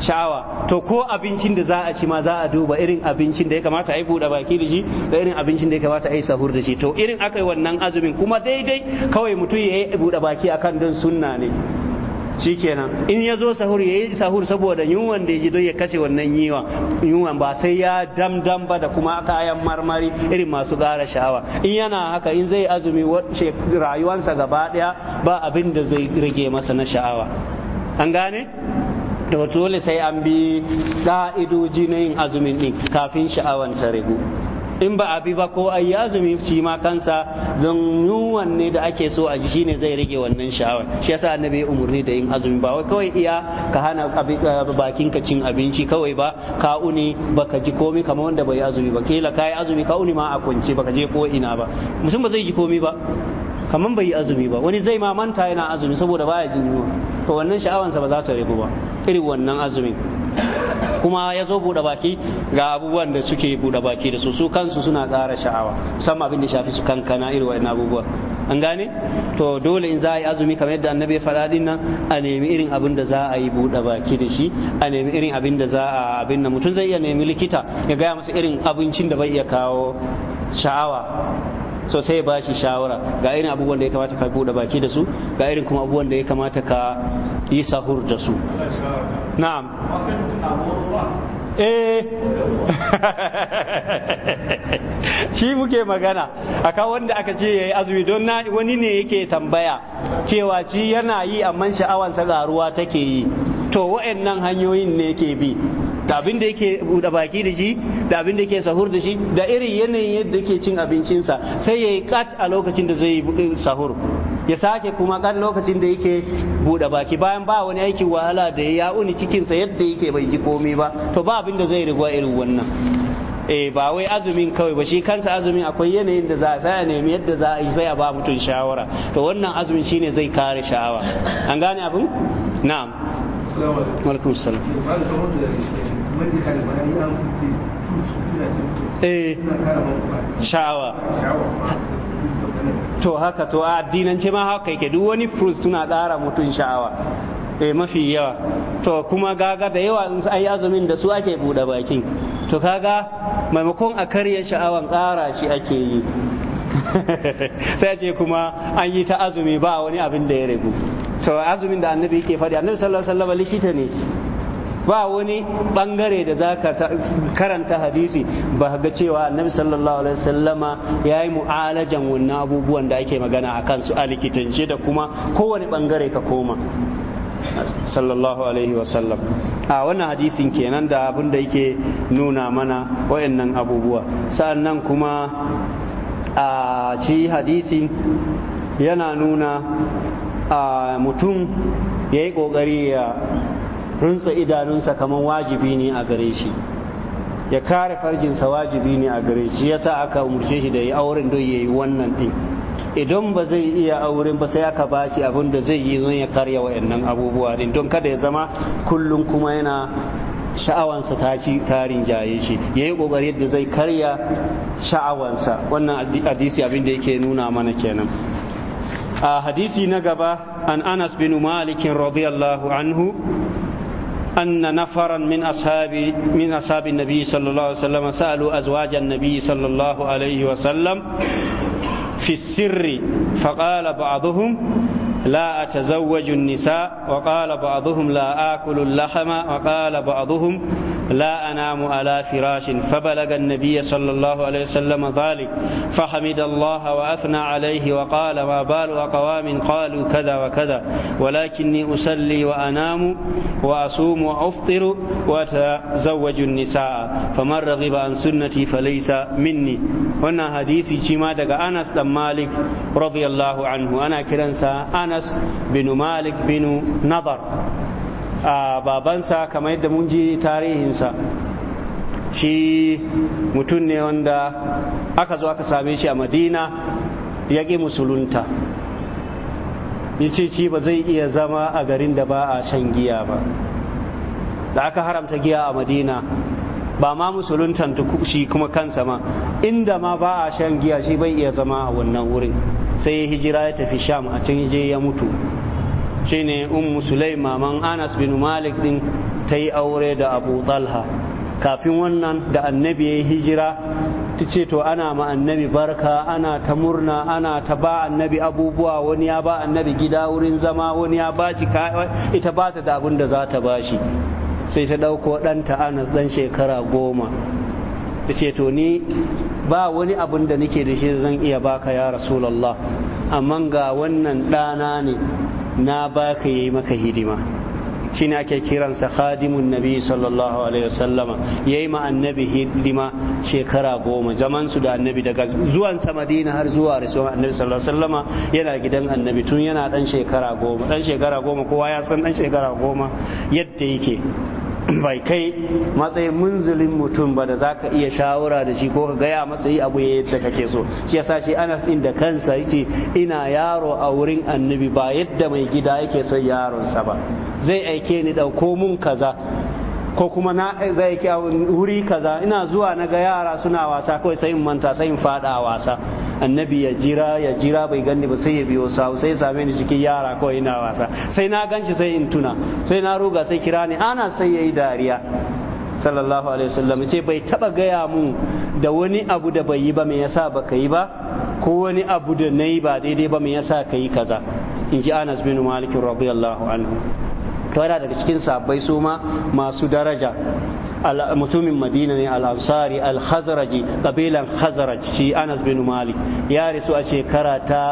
sha'awa to ko abincin da za a ci ma za a duba irin abincin da ya kamata a yi buɗe baki da shi da irin abincin da ya kamata a yi sahur da shi to irin aka yi wannan azumin kuma daidai kawai mutum ya yi buɗe baki akan don sunna ne shikenan in ya zo sahur ya yi sahur saboda yunwan da ya ji don ya kashe wannan yiwa yunwan ba sai ya damdam ba da kuma kayan marmari irin masu gara sha'awa in yana haka in zai azumi rayuwansa gaba ɗaya ba abin da zai rage masa na sha'awa an gane daga dole sai an bi ƙa'idoji na yin azumin din kafin sha'awan ta ragu in ba a bi ba ko ayi azumi shi ma kansa don yunwan ne da ake so a ji ne zai rage wannan sha'awar shi yasa annabi ya umarni da yin azumi ba wai kawai iya ka hana eh, bakin ka cin abinci kawai ba ka uni baka ji komai kamar wanda bai azumi ba kila kai azumi ka uni ma a kunce baka je ko ina ba mutum ba zai ji komai ba kamar bai yi azumi ba wani zai ma manta yana azumi saboda baya jin yunwa to wannan sha'awansa ba za ta rabu ba irin wannan azumin kuma ya zo buɗe baki ga abubuwan da suke buɗe baki da su su kansu suna ƙara sha'awa musamman abin da shafi su kankana irin wannan abubuwa an gane to dole in za a yi azumi kamar yadda annabi ya faɗa din nan a nemi irin abin da za a yi buɗe baki da shi a nemi irin abin da za a abin nan mutum zai iya nemi likita ya gaya masa irin abincin da bai iya kawo sha'awa so sai ba shi shawara ga irin abubuwan da ya kamata ka buɗe baki da su ga irin kuma abubuwan da ya kamata ka yi sahur da su na'am eh shi muke magana aka wanda aka ce yayi azumi don na wani ne yake tambaya cewa ci yana yi amma sha'awansa ga ruwa take yi to wa'annan hanyoyin ne yake bi da abin da yake buɗe baki da shi da abin da yake sahur da shi da irin yanayin yadda yake cin abincinsa sai yayi kat a lokacin da zai yi sahur ya sake kuma kan lokacin da yake buɗe baki bayan ba wani aikin wahala da ya uni cikinsa yadda yake bai ji komai ba to ba abin da zai riga irin wannan eh ba wai azumin kawai ba shi kansa azumin akwai yanayin da za a nemi yadda za a yi sai ba mutum shawara to wannan azumin shine zai kare shawara an gane abin na'am alaikum salam eh sha'awa to haka to a addinance ma haka yake duk wani fruit suna kara mutum sha'awa eh mafi yawa to kuma gaga da yawa in ai azumin da su ake buɗe bakin to kaga maimakon a karya sha'awan ƙara shi ake yi sai ce kuma an yi ta azumi ba wani abin da ya ragu to azumin da annabi yake faɗi annabi sallallahu alaihi wasallam likita ne ba wani bangare da za ka karanta hadisi ba ga cewa annabi sallallahu alaihi wasallama ya yi mu'alajan wannan abubuwan da ake magana a kansu a likitance da kuma kowane bangare ka koma sallallahu alaihi wasallam a wannan hadisin kenan da abin da yake nuna mana wayannan abubuwa sannan kuma a ci hadisin yana nuna a mutum ya yi ƙoƙari ya runtsa idanunsa kamar wajibi ne a gare shi ya kare farjinsa wajibi ne a gare shi yasa aka umarce shi da ya auren don ya yi wannan ɗin idan ba zai iya auren ba sai aka ba shi abin da zai yi zon ya karya yannan abubuwa din don kada ya zama kullum kuma yana sha'awansa ta ci tarin jaye shi ya yi ƙoƙari yadda zai karya sha'awansa wannan hadisi abin da yake nuna mana kenan a hadisi na gaba an anas bin malikin radiyallahu anhu أن نفرا من أصحاب من أصحاب النبي صلى الله عليه وسلم سألوا أزواج النبي صلى الله عليه وسلم في السر فقال بعضهم لا أتزوج النساء وقال بعضهم لا آكل اللحم وقال بعضهم لا أنام على فراش فبلغ النبي صلى الله عليه وسلم ذلك فحمد الله وأثنى عليه وقال ما بال أقوام قالوا كذا وكذا ولكني أصلي وأنام وأصوم وأفطر وأتزوج النساء فمن رغب عن سنتي فليس مني هنا حديثي جماعة أنس بن مالك رضي الله عنه أنا كرنسا أنس بن مالك بن نضر a babansa kamar yadda mun ji tarihinsa shi mutum ne wanda aka zo aka same shi a madina ya ƙi musulunta ya ce ci ba zai iya zama a garin da ba a shan giya ba da aka haramta giya a madina ba ma musuluntan shi kuma kansa ma inda ma ba a shan giya shi bai iya zama a wannan wurin sai ya hijira ya tafi sham a can je ya mutu shine ummu sulaima man anas bin malik din ta aure da abu talha kafin wannan da annabi ya yi hijira ta ce to ana ma annabi barka ana ta murna ana ta ba annabi abubuwa wani ya ba annabi gida wurin zama wani ya ba ita ba ta da abin da za ta ba sai ta ɗauko ɗanta anas ɗan shekara goma ta ce to ni ba wani abin da nake da shi zan iya baka ya rasulallah amma ga wannan ɗana ne na baka yayi maka hidima shine ake kiransa khadimun nabi sallallahu alaihi wasallama yayi ma annabi hidima shekara goma zaman su da annabi daga zuwan sa madina har zuwa rasuwan annabi sallallahu alaihi wasallama yana gidan annabi tun yana dan shekara goma dan shekara goma kowa ya san dan shekara goma yadda yake bai kai matsayin munzulin mutum ba da za ka iya shawara da shi ko ka gaya masa yi abu yadda kake so shi yasa shi Anas din da kansa yace ina yaro a wurin annabi ba yadda mai gida yake son yaronsa ba zai aike ni dauko mun kaza ko kuma na zai wuri kaza ina zuwa na ga yara suna wasa kawai sai in manta sai in fada wasa annabi ya jira ya jira bai gani ba sai ya biyo sa sai ya same ni cikin yara kawai ina wasa sai na ganci sai in tuna sai na ruga sai kira ni ana sai yayi dariya sallallahu alaihi wasallam ce bai taba gaya mu da wani abu da bai yi ba me yasa baka yi ba ko wani abu da nayi ba daidai ba me yasa ka kaza in ji Anas bin Malik radiyallahu anhu to yana daga cikin sahabbai su ma masu daraja mutumin madina ne al-ansari al-khazraji kabilan khazraj shi anas bin mali. ya rasu a shekara ta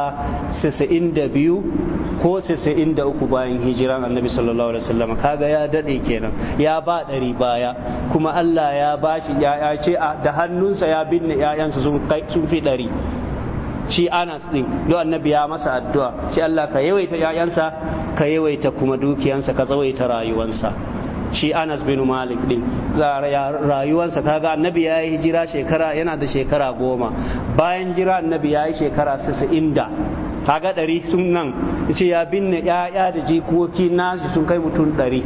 62 ko 63 bayan hijiran annabi sallallahu alaihi wasallam kaga ya dade kenan ya ba dari baya kuma Allah ya bashi ya ce da hannunsa ya binne 'ya'yansa sun kai sun fi dari shi anas din do annabi ya masa addu'a shi Allah ka yawaita ƴaƴansa ka yawaita kuma dukiyansa ka tsawaita rayuwansa shi anas bin malik din rayuwansa kaga annabi ya yi hijira shekara yana da shekara goma bayan jira annabi ya yi shekara sasa'in da kaga ɗari sun nan ya binne ya'ya da jikoki nasu sun kai mutum ɗari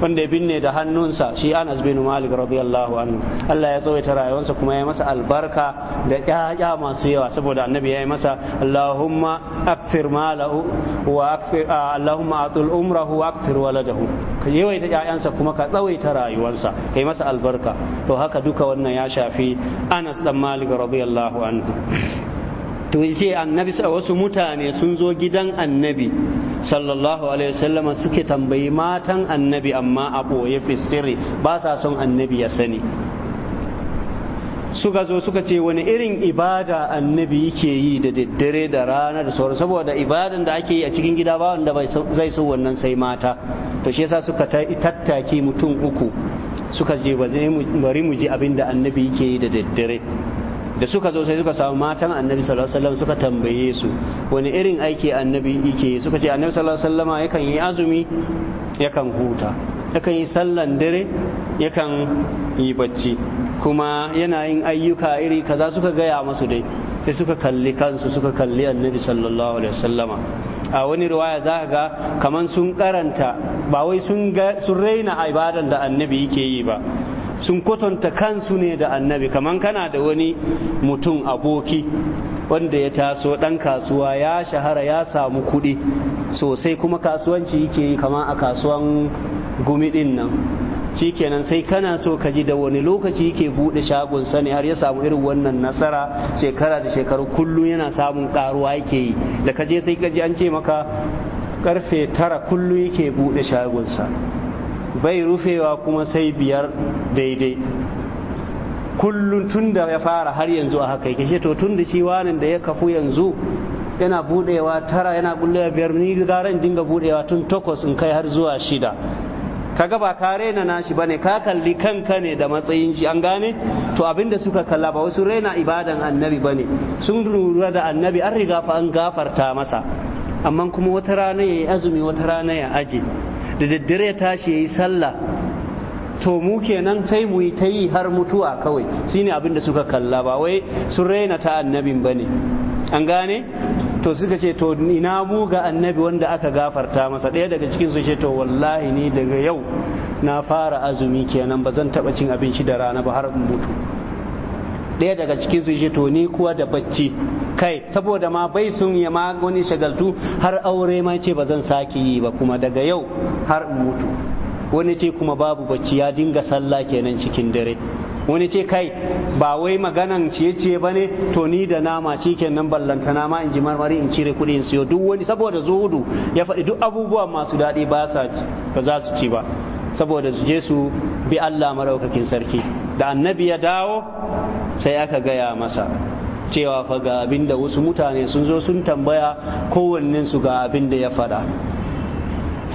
wanda ya binne da hannunsa shi Anas bin Malik radiyallahu anhu Allah ya tsawaita rayuwarsa kuma ya masa albarka da ƴaƴa masu yawa saboda annabi ya yi masa Allahumma akfir malahu wa akfir Allahumma atul umrahu wa akfir waladahu ka yawaita ƴaƴansa kuma ka tsawaita rayuwarsa kai masa albarka to haka duka wannan ya shafi Anas dan Malik radiyallahu anhu to yace annabi wasu mutane sun zo gidan annabi sallallahu alaihi wasallama suke tambayi matan annabi amma a ɓoye fissiri ba sa son annabi ya sani suka zo suka ce wani irin ibada annabi yake yi da daddare da rana da sauran saboda ibadan da ake yi a cikin gida ba wanda zai so wannan sai mata to shi yasa suka tattaki mutum uku suka je bari mu ji abinda annabi yake yi da daddare da suka zo sai suka samu matan annabi sallallahu alaihi wasallam suka tambaye su wani irin aiki annabi yake suka ce annabi sallallahu alaihi wasallam yakan yi azumi yakan huta yakan yi sallan dare yakan yi bacci kuma yana yin ayyuka iri kaza suka gaya masu dai sai suka kalli kansu suka kalli annabi sallallahu alaihi wasallama a wani riwaya za ga kaman sun karanta ba wai sun raina ibadan da annabi yake yi ba sun kwatanta kansu ne da annabi kaman kana da wani mutum aboki wanda ya taso ɗan kasuwa ya shahara ya samu kuɗi sosai kuma kasuwanci yake yi kamar a kasuwan gumi nan shikenan sai kana so ka ji da wani lokaci yake buɗe shagon sani har ya samu irin wannan nasara shekara da shekaru kullum yana samun karuwa yake yi da ka je sai ka ji an ce maka karfe tara kullum yake buɗe shagonsa bai rufewa kuma sai biyar daidai kullum tun da ya fara har yanzu a haka yake to tun da shi wanin da ya kafu yanzu yana budewa tara yana bullewa biyar ni gara in dinga budewa tun takwas in kai har zuwa shida kaga ba ka rena nashi bane ka kalli kanka ne da matsayin shi an gane to abinda suka kalla ba wasu rena ibadan annabi bane sun rura da annabi an riga fa an gafarta masa amma kuma wata rana yayi azumi wata rana ya aje da daddare ya tashi ya yi sallah to mu kenan sai mu yi ta yi har mutuwa kawai shine abin da suka kalla ba wai sun raina ta annabin ba ne an gane to suka ce to ina mu ga annabi wanda aka gafarta masa ɗaya daga cikin su ce to wallahi ni daga yau na fara azumi kenan ba zan taɓa cin abinci da rana ba har mutu ɗaya daga cikin su shi to kuwa da bacci kai saboda ma bai sun yi ma wani shagaltu har aure ma ce ba zan sake yi ba kuma daga yau har in mutu wani ce kuma babu bacci ya dinga sallah kenan cikin dare wani ce kai ba wai maganan ciye-ciye ba ne to ni da nama shi kenan ballanta nama in ji marmari in cire kuɗi in siyo duk wani saboda zuhudu ya faɗi duk abubuwa masu daɗi ba ba za su ci ba saboda su je su bi Allah maraukakin sarki da annabi ya dawo sai aka gaya masa cewa fa ga abin da wasu mutane sun zo sun tambaya kowannensu ga abin da ya faɗa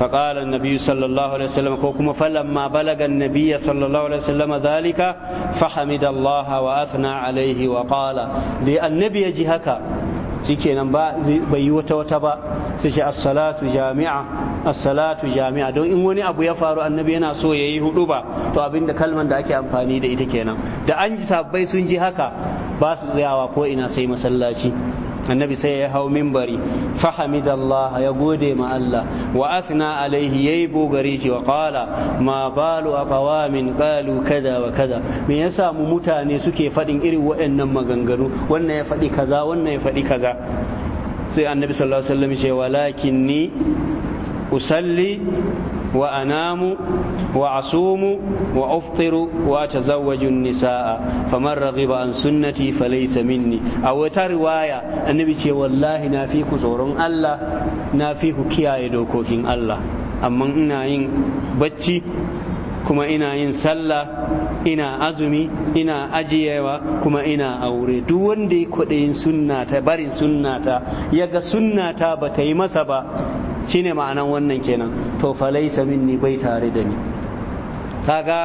فقال النبي صلى الله عليه وسلم كوكما فلما بلغ النبي صلى الله عليه وسلم ذلك فحمد الله وأثنى عليه وقال لأن النبي يجي هكا shikenan ba bai yi wata wata ba sai shi as-salatu jami'a as-salatu jami'a don in wani abu ya faru annabi yana so ya yi hudu ba to abinda kalman da ake amfani da ita kenan da an ji sabbai sun ji haka ba su tsayawa ko ina sai masallaci annabi sai ya hau mimbari fahamidallaha ya gode ma Allah wa athna alaihi yayi bogare shi wa qala ma balu aqwamin qalu kaza wa kaza me yasa mu mutane suke fadin irin waɗannan maganganu wannan ya fadi kaza wannan ya fadi kaza sai annabi sallallahu alaihi wasallam ce walakin ni usalli وأنام وأصوم وأفطر وأتزوج النساء فمن رغب عن سنتي فليس مني أو رواية النبي والله نافيك صورون الله نافيك كيا دوكوكين الله أما إنا إن بتشي كما إنا إن سلا إنا أزمي إنا أجيوا كما إنا aure duk wanda ya kwaɗayin sunnata barin sunnata yaga sunnata ba Shi ne ma'anan wannan kenan to falaisa minni bai tare da ni kaga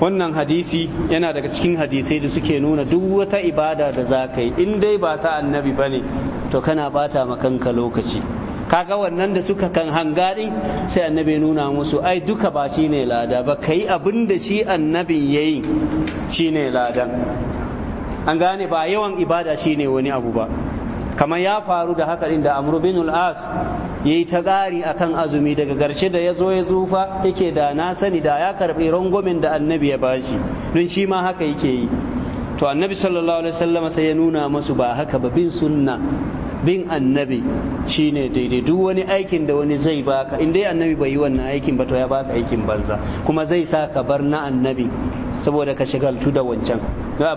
wannan hadisi yana daga cikin hadisai da suke nuna duk wata ibada da za ka yi in dai ba ta annabi ba ne to kana bata ma kanka lokaci kaga wannan da suka kan hangari sai annabi nuna musu ai duka ba shi ne lada ba ka yi abin da shi annabi ya yi shi ne ladan an gane ba yawan ibada shi ne wani abu ba kamar ya faru da haka inda amru bin as ya yi ta ƙari a kan azumi daga garshe da ya zo ya tsufa yake da na sani da ya karɓi rangwamen da annabi ya bashi don shi ma haka yake yi to annabi sallallahu alaihi wasallam sai ya nuna masu ba haka ba bin sunna bin annabi shine daidai duk wani aikin da wani zai baka inda dai annabi bai yi wannan aikin ba to ya baka aikin banza kuma zai sa ka bar na annabi saboda ka tu da wancan za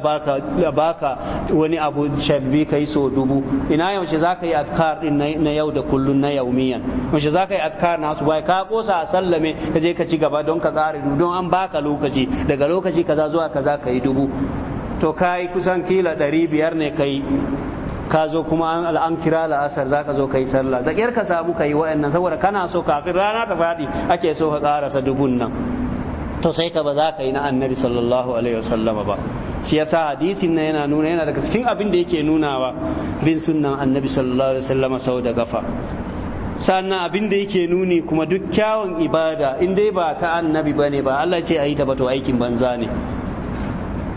a baka wani abu shabbi ka yi so dubu ina yaushe za ka yi azkar din na yau da kullun na yaumiyan yaushe za ka yi azkar na bai ka kosa a sallame ka je ka ci gaba don ka ƙara don an baka lokaci daga lokaci kaza zuwa kaza ka yi dubu to ka yi kusan kila ɗari biyar ne ka yi ka zo kuma an kira la'asar za ka zo ka yi sallah da ƙyar ka samu ka yi wa'annan saboda kana so kafin rana ta faɗi ake so ka ƙarasa dubun nan to sai ka ba za ka yi na annabi sallallahu alaihi wasallama ba shi yasa hadisin na yana nuna yana daga cikin abin da yake nunawa bin sunnan annabi sallallahu alaihi wasallama sau da gafa sannan abin da yake nuni kuma duk kyawun ibada in dai ba ta annabi ba ne ba Allah ce a yi ta ba to aikin banza ne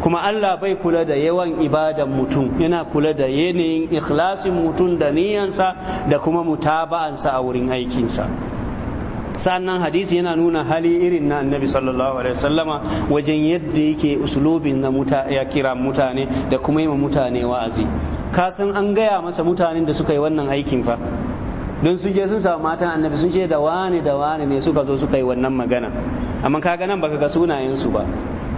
kuma Allah bai kula da yawan ibadan mutum yana kula da yanayin ikhlasin mutum da niyansa da kuma mutaba'ansa a wurin aikinsa sannan hadisi yana nuna hali irin na annabi sallallahu alaihi wasallama wajen yadda yake usulubin na ya kira mutane da kuma yi mutane wa'azi ka san an gaya masa mutanen da suka yi wannan aikin fa don sun je sun samu matan annabi sun ce da wane da wane ne suka zo suka yi wannan magana amma kaga nan baka ga sunayen su ba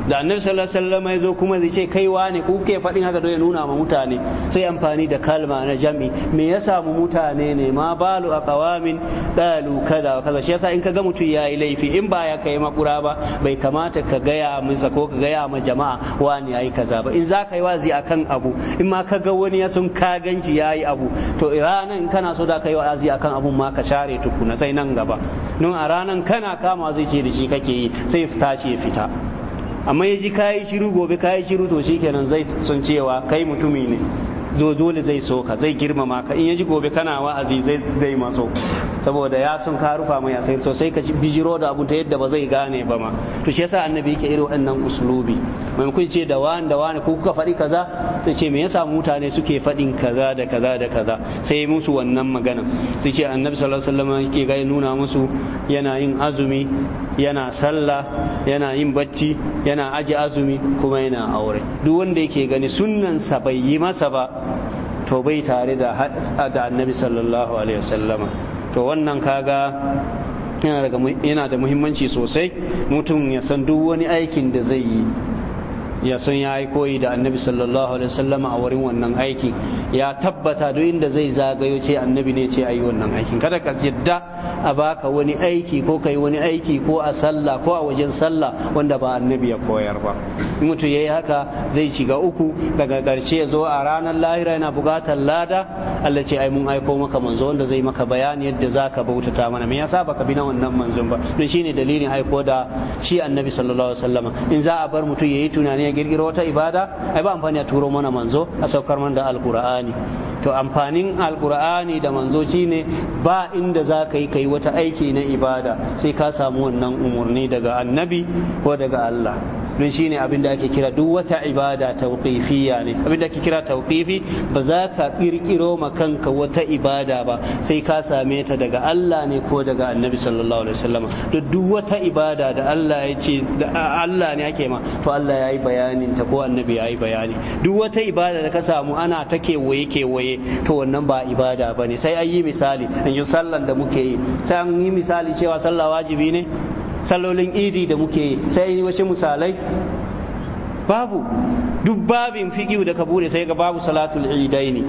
da annabi sallallahu alaihi wasallam ya zo kuma zai ce kai wane ku ke faɗin haka don ya nuna ma mutane sai amfani da kalma na jami me ya samu mutane ne ma balu aqawamin qalu kaza kaza shi yasa in ka ga mutum yi laifi in ba ya kai makura ba bai kamata ka gaya masa ko ka gaya ma jama'a wani yayi kaza ba in za ka yi wazi akan abu in ma ka ga wani ya sun ka ganci yayi abu to ranan in kana so da ka yi wazi akan abun ma ka share tukuna sai nan gaba nun a ranan kana kama zai ce da shi kake yi sai fita ce fita amma yaji ji kayi shiru gobe kayi shiru to shikenan zai san cewa kai mutumi ne dole zai so ka zai girmama ka in yaji gobe kana wa'azi zai zai maso saboda ya sun ka rufa mai asai to sai ka bijiro da abu ta yadda ba zai gane ba ma to shi yasa annabi yake irin wannan uslubi maimakon ce da wani da wani ko kuka faɗi kaza sai ce me yasa mutane suke faɗin kaza da kaza da kaza sai musu wannan magana sai ce annabi sallallahu alaihi wasallam yake ga nuna musu yana yin azumi yana sallah yana yin bacci yana aji azumi kuma yana aure duk wanda yake gani sunnan sa bai yi masa ba to bai tare da annabi sallallahu alaihi wasallama to wannan kaga yana da muhimmanci sosai mutum ya san duk wani aikin da zai yi ya san ya yi koyi da annabi sallallahu alaihi wasallama a wurin wannan aiki ya tabbata duk inda zai zagayo ce annabi ne ce ayi wannan aikin kada ka yadda a baka wani aiki ko kai wani aiki ko a sallah ko a wajen sallah wanda ba annabi ya koyar ba mutum yayi haka zai shiga uku daga ƙarshe ya zo a ranar lahira yana buƙatar lada Allah ce ai mun aiko maka manzo wanda zai maka bayani yadda zaka bautata mana me yasa baka bi na wannan manzon ba don shine dalilin aiko da shi annabi sallallahu alaihi wasallama in za a bar mutum yayi tunani ya girgiro wata ibada ai ba amfani a turo mana manzo a saukar mana da alqur'ani to amfanin alqur'ani da manzo shine ba inda za ka yi kai wata aiki na ibada sai ka samu wannan umurni daga annabi ko daga Allah don shine abin da ake kira duk wata ibada tauqifiyya ne abin da ake kira tauqifi ba za ka kirkiro ma kanka wata ibada ba sai ka same ta daga Allah ne ko daga Annabi sallallahu alaihi wasallam duk duk wata ibada da Allah ya ce da Allah ne ake ma to Allah ya yi bayanin ta ko Annabi ya yi bayani duk wata ibada da ka samu ana ta kewaye kewaye to wannan ba ibada bane sai an yi misali an yi sallan da muke yi sai an yi misali cewa sallah wajibi ne sallolin idi da muke yi sai yi wasu misalai babu duk babin fiqihu da kabure sai ga babu salatul idaini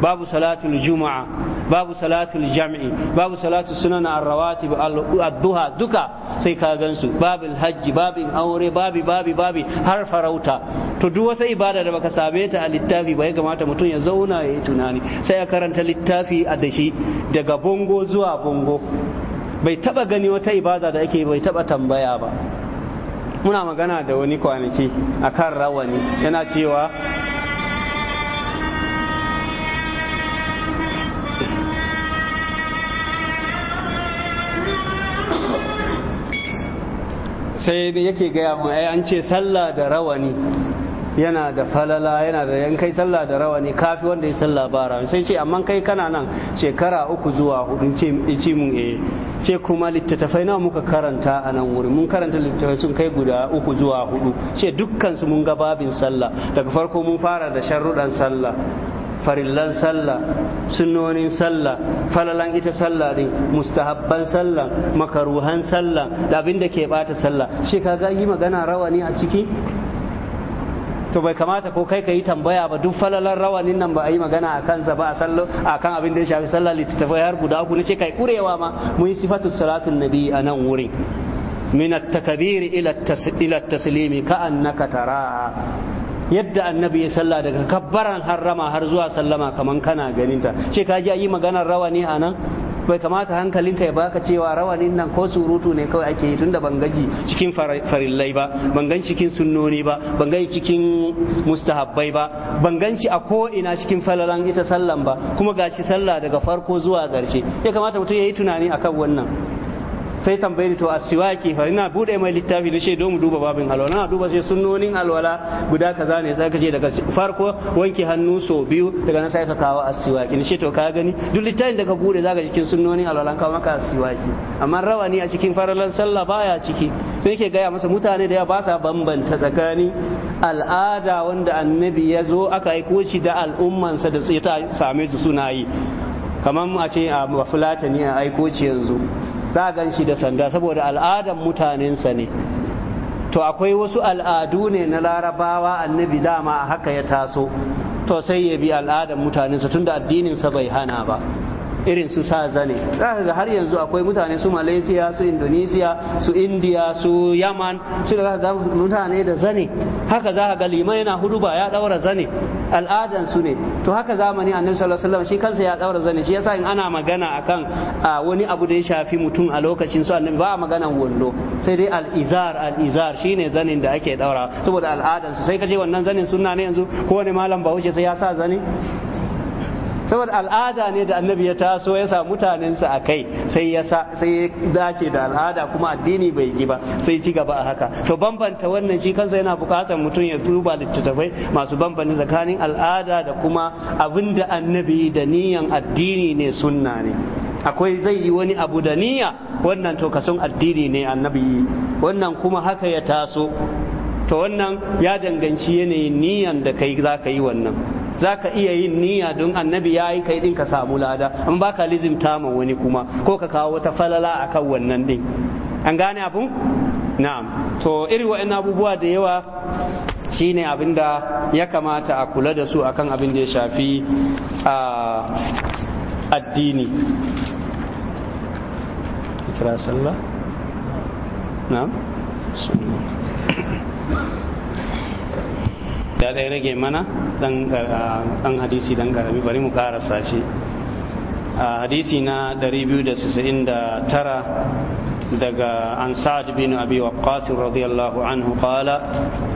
babu salatul juma'a babu salatul jam'i babu salatul sunan arrawati rawatib duha duka sai ka gansu babin hajji babin aure babi babi babi har farauta to duk wata ibada da baka same ta a littafi ba ya kamata mutum ya zauna ya yi tunani sai ya karanta littafi a dashi daga bongo zuwa bongo bai taba gani wata ibada da ake bai taba tambaya ba muna magana da wani kwanaki a kan rawani yana cewa sai yake gaya mu ai an ce sallah da rawani yana da falala yana da yan kai sallah da rawani kafi wanda ya sallah ba sai ce amma kai kana nan shekara uku zuwa hudu ce mun eh ce kuma littattafai nawa muka karanta a nan wuri mun karanta littattafai sun kai guda uku zuwa hudu ce dukkan su mun ga babin sallah daga farko mun fara da sharruɗan sallah farillan salla sunnonin salla falalan ita sallah din mustahabban sallah makaruhan sallah da abin da ke bata sallah shi kaga yi magana rawani a ciki to bai kamata ko kai ka yi tambaya ba duk falalar rawanin nan ba a yi magana a kansa ba a sallo a kan abin da ya shafi sallar littattafai har guda uku na ce kai kurewa ma Mun yi sifatu salatun nabi a nan wurin min at-takbir ila at-taslimi ka annaka tara. yadda annabi ya salla daga kabbaran harrama har zuwa sallama kaman kana ganinta ce ka ji a yi maganar rawani a nan bai kamata hankalinka ya baka cewa rawanin nan ko surutu ne kawai ake yi tunda ban gaji cikin farillai ba ban gan cikin sunnoni ba ban gan cikin mustahabbai ba ban gan a ko ina cikin falalan ita sallan ba kuma gashi sallah daga farko zuwa ƙarshe ya kamata mutum ya yi tunani akan wannan sai tambayi to siwaki fa ina bude mai littafi na ce mu duba babin alwala na duba sai sunnonin alwala guda kaza ne sai ka ce daga farko wanke hannu so biyu daga nan sai ka kawo a siwaki ni ce to ka gani duk littafin da ka bude zaka cikin sunnonin alwala ka maka a siwaki amma rawani a cikin faralan sallah baya ciki sai ke gaya masa mutane da ya ba sa bambanta tsakani al'ada wanda annabi ya zo aka yi koci da al'ummansa da ya ta same su suna yi kamar a ce a fulatani a aikoci yanzu za gan shi da sanda saboda al'adan mutanensa ne to akwai wasu al'adu ne na larabawa annabi dama haka ya taso to sai ya bi al'adan mutanensa tunda addininsa bai hana ba irin su sa zane za ka ga har yanzu akwai mutane su malaysia su indonesia su india su yaman su da ga mutane da zane haka za ka ga liman yana ba ya daura zane al'adan su ne to haka zamani annabi sallallahu alaihi wasallam shi kansa ya daura zane shi yasa in ana magana akan wani abu da ya shafi mutum a lokacin su annabi ba a maganan wando sai dai al'izar al'izar shine zanin da ake daura saboda al'adan su sai kaje wannan zanin sunna ne yanzu ko wani malam bahaushe sai ya sa zane saboda al'ada ne da annabi ya taso ya sa mutanensa a kai sai ya dace da al'ada kuma addini bai yi ba sai ci gaba a haka to bambanta wannan shi kansa yana bukatar mutum ya duba littattafai masu bambanta tsakanin al'ada da kuma abin da annabi da niyan addini ne sunna ne akwai zai yi wani abu da niyya wannan to kasan addini ne annabi wannan kuma haka ya taso to wannan ya danganci yanayin niyan da kai za ka yi wannan za ka iya yin niyya don annabi ya yi kai din ka samu lada an baka lizimta ma wani kuma ko ka kawo wata falala akan wannan din an gane abun na'am to irin wa'annan abubuwa da yawa shine abin da ya kamata a kula da su akan abin da ya shafi a addini ya ɗaya rage mana ɗan eh, hadisi ɗan ƙarami bari mu ƙarasa shi hadisi na 299 daga an sa'ad bin abi waqqas radiyallahu anhu qala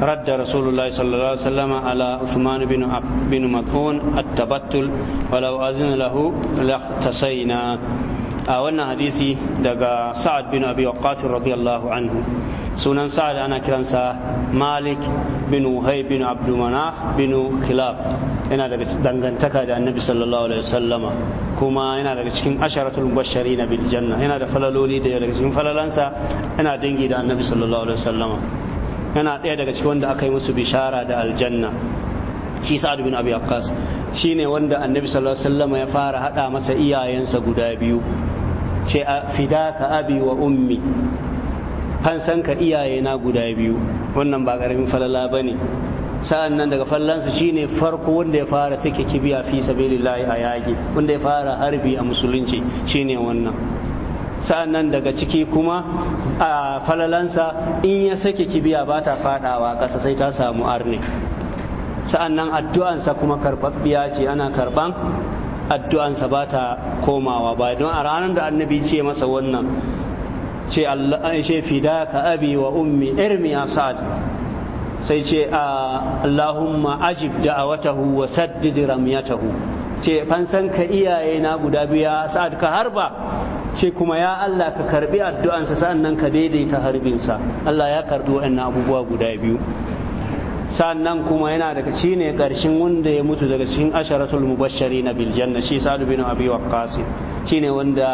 radda rasulullahi sallallahu alaihi wasallam ala usman bin bin mad'un at-tabattul walau azina lahu lahtasayna a wannan hadisi daga sa'ad bin abi waqqas radiyallahu anhu sunan sa'ad ana kiransa malik bin Wuhai bin abdumana bin kilab yana daga dangantaka da annabi sallallahu alaihi wasallama kuma yana daga cikin asharatul mubashshari na bil janna yana da falaloli da daga cikin falalansa yana dangi da annabi sallallahu alaihi wasallama yana daya daga cikin wanda aka yi musu bishara da aljanna shi sa'ad bin yakas shi ne wanda annabi sallallahu alaihi wasallam ya fara hada masa iyayensa guda biyu ce ka abi wa ummi fansanka iyayena guda biyu wannan ba karamin falala ba ne. sa'an nan daga fallansa ne farko wanda ya fara suke kibiya fi sabilillahi a yaƙi wanda ya fara harbi a musulunci shi ne wannan sa'an nan daga ciki kuma a falalansa in ya sake kibiya ba ta faɗawa ƙasa sai ta samu arne sa'annan addu'ansa kuma karɓaɓɓiya ce ana karban addu'ansa ba ta komawa ba don a ranar da annabi ce masa wannan ce fida ka abi wa ummi irmi a sa'ad. sai ce allahumma ajib da'awatahu wa ya ramyatahu ce fansan ka iyaye na guda biya sa'ad ka harba ce kuma ya Allah ka karbi addu'ansa sa'annan ka daidaita harbinsa Allah ya karbi wa'annan abubuwa guda biyu sannan kuma yana daga shi ne ƙarshen wanda ya mutu daga cikin asharatul mubashari na biljanna shi sa'adu bin abi waqqas shi ne wanda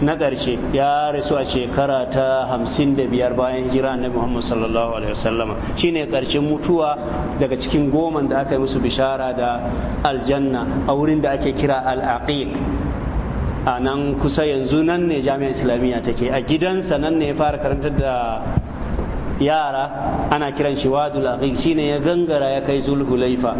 na ƙarshe ya rasu a shekara ta hamsin da biyar bayan hijira na muhammad sallallahu alaihi wasallama shi ne ƙarshen mutuwa daga cikin goma da aka yi musu bishara da aljanna a wurin da ake kira al a nan kusa yanzu nan ne jami'an islamiyya take a gidansa nan ne ya fara karantar da yara ana kiran shi wadul aqiq shine ya gangara ya kai zulhulaifa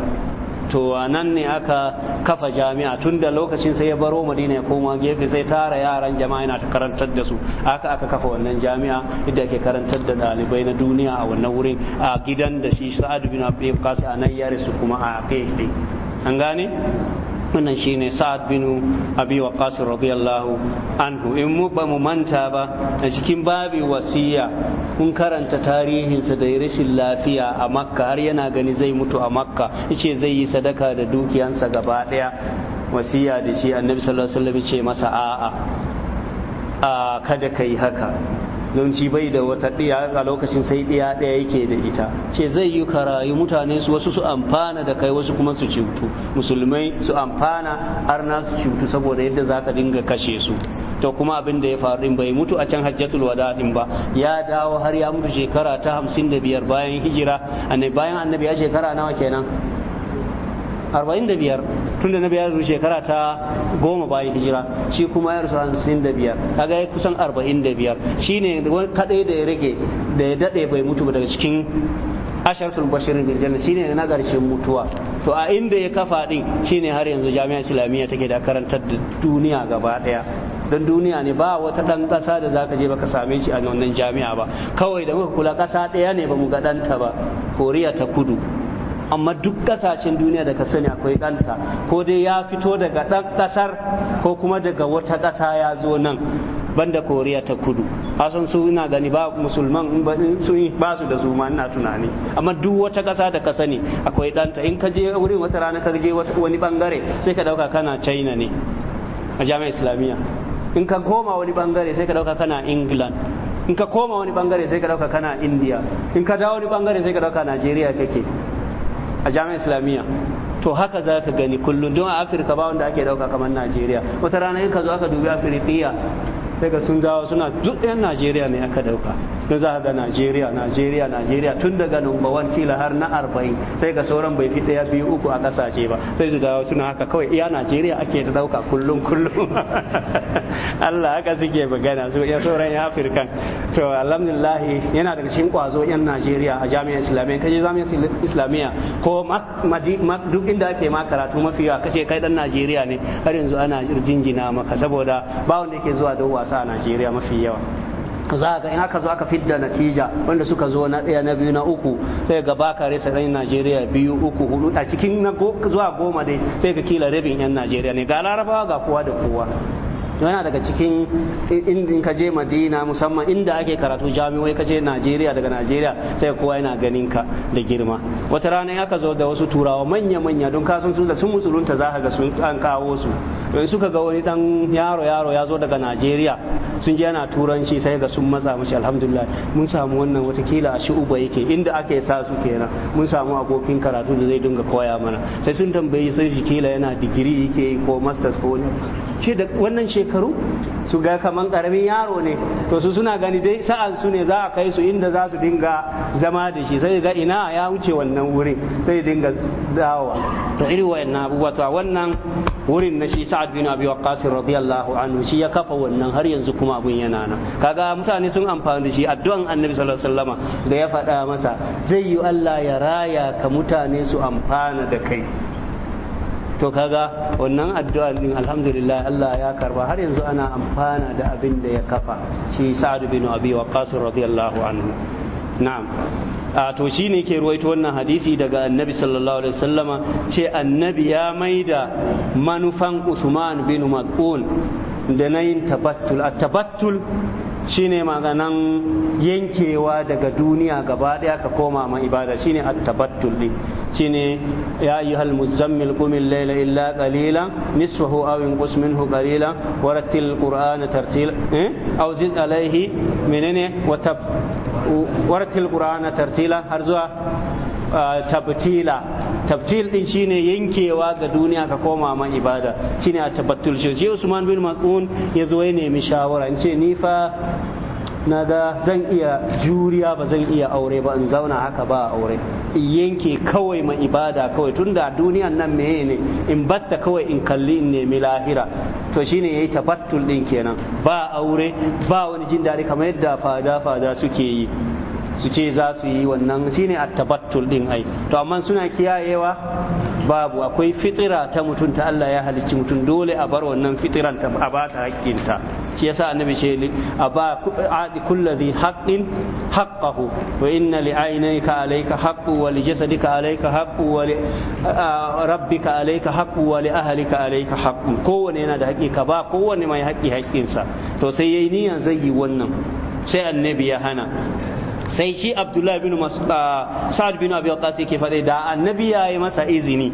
to nan ne aka kafa jami'a tunda lokacin sai ya baro madina ya koma gefe sai tara yaran jama'a yana karantar da su aka aka kafa wannan jami'a inda ake karantar da ɗalibai na duniya a wannan wurin a gidan da shi sa'ad bin abi qasi anan ya kuma a kai an gane wannan shine sa'ad bin abi waqas radiyallahu anhu in mu ba mu manta ba a cikin babi wasiya kun karanta tarihinsa da rashin lafiya a makka har yana gani zai mutu a makka yace zai yi sadaka da dukiyansa gaba daya wasiya da shi annabi sallallahu alaihi wasallam ce masa a'a a kada kai haka yawanci bai da wata ɗiya a lokacin sai ɗiya ɗaya yake da ita ce zai yi rayu mutane su wasu su amfana da kai wasu kuma su cutu musulmai su amfana arna su cutu saboda yadda za ka dinga kashe su to kuma abin da ya faru din bai mutu a can hajjatul wada din ba ya dawo har ya mutu shekara ta hamsin da biyar bayan hijira annabi bayan annabi ya shekara nawa kenan arba'in da biyar tunda nabi ya rasu shekara ta goma bayan hijira shi kuma ya rasu hamsin da biyar kaga ya kusan arba'in da biyar shi ne kadai da ya rage da ya dade bai mutu ba daga cikin asharatul bashirin bil janna shine na garshen mutuwa to a inda ya kafa din shine har yanzu jami'a islamiyya take da karantar da duniya gaba daya don duniya ne ba wata dan kasa da zaka je ba ka same shi a wannan jami'a ba kawai da muka kula kasa daya ne bamu ga danta ba koriya ta kudu amma duk kasashen duniya da ka sani akwai ɗanta ko dai ya fito daga ɗan ƙasar ko kuma daga wata ƙasa ya zo nan banda koriya ta kudu asan su ina gani ba musulman ba su da su ma ina tunani amma duk wata ƙasa da ka sani akwai ɗanta in ka je wurin wata rana ka je wani bangare sai ka ɗauka kana china ne a jami'a islamiyya in ka koma wani bangare sai ka ɗauka kana england in ka koma wani bangare sai ka ɗauka kana india in ka dawo wani bangare sai ka ɗauka najeriya kake a jami'ar islamiyya to haka za ka gani kullum don a afirka ba wanda ake dauka kamar najeriya wata rana in ka zo aka dubi afirkiya daga sun dawo suna duk yan najeriya ne aka ɗauka don za ka ga najeriya najeriya najeriya tun daga numba wan kila har na arba'in sai ga sauran bai fi ɗaya biyu uku a kasashe ba sai su dawo suna haka kawai iya najeriya ake ta ɗauka kullum kullum allah haka suke magana su iya sauran ya afirkan to alhamdulillah yana daga cikin kwazo yan najeriya a jami'ar islamiyya kaje jami'ar islamiyya ko duk inda ake ma karatu mafi yawa kace kai dan najeriya ne har yanzu ana jinjina maka saboda ba wanda yake zuwa don wasa matasa a najeriya mafi yawa za ga in aka zo aka fidda natija wanda suka zo na ɗaya na biyu na uku sai ga baka resa ɗan Najeriya biyu uku hudu a cikin zuwa goma dai sai ga kila rabin 'yan Najeriya ne ga larabawa ga kowa da kowa yana daga cikin in ka je madina musamman inda ake karatu jami'oi ka je najeriya daga najeriya sai kowa yana ganin ka da girma wata rana ya ka zo da wasu turawa manya-manya don kasan sun da sun musulunta za ka ga sun an kawo su in suka ga wani dan yaro yaro ya zo daga najeriya sun je yana turanci sai ga sun matsa mashi alhamdulillah mun samu wannan watakila a shi'uba yake inda ake sa su kenan mun samu abokin karatu da zai dinga koya mana sai sun tambayi sai shi kila yana digiri yake ko masters ko wani da wannan shekara shekaru su ga kaman karamin yaro ne to su suna gani dai sa'an su ne za a kai su inda za su dinga zama da shi sai ga ina ya wuce wannan wurin sai dinga dawowa to irin wayannan abubuwa to wannan wurin na shi sa'ad bin abi waqqas radiyallahu anhu shi ya kafa wannan har yanzu kuma abun yana nan kaga mutane sun amfani da shi addu'an annabi sallallahu alaihi wasallama da ya faɗa masa zai yi Allah ya raya ka mutane su amfana da kai to kaga wannan addu'a din alhamdulillah Allah ya karba har yanzu ana amfana da abin da ya kafa shi Sa'ad bin Abi Waqqas radiyallahu anhu na'am a to shi ne ke ruwaito wannan hadisi daga annabi sallallahu alaihi wasallama ce annabi ya maida manufan Usman bin Mad'un da na yin tabattul a tabattul Shi ne maganan yankewa daga duniya gaba daya ka koma ma ibada Shi ne at-tabattul Shi ne ya yi muzammil qum al Laila illa qalila nisfahu awin kusmin ho ƙalila. waratil qur'ana tartila eh? aw auzin alayhi menene wata waratil warattil tartila har zuwa ah, tabtila tabtil din shine yankewa ga duniya ka koma ma ibada shine a tabattul shi Usman bin Mas'un ya zo ya nemi shawara in ce ni fa na da zan iya juriya ba zan iya aure ba in zauna haka ba aure in yanke kawai ma ibada kawai tun da duniyan nan meye ne in batta kawai in kalli in nemi lahira to shine yayi tabattul din kenan ba aure ba wani jin daɗi kamar yadda fada fada suke yi su ce za su yi wannan shine attabattul din ai to amma suna kiyayewa babu akwai fitira ta mutum ta Allah ya halicci mutum dole a bar wannan fitiran ta a ba ta haƙƙinta shi yasa annabi ce a ba adi kulladhi haqqin haqqahu wa inna li aynayka alayka haqqu wa li jasadika alayka haqqu wa li rabbika alayka haqqu wa li ahlika alayka haqqu kowanne yana da haƙƙi ka ba kowanne mai haƙƙi haƙƙinsa to sai yayi niyan zai yi wannan sai annabi ya hana sai shi abdullahi bin sa'ad ah, bin abi waqas yake faɗi da annabi ya yi masa izini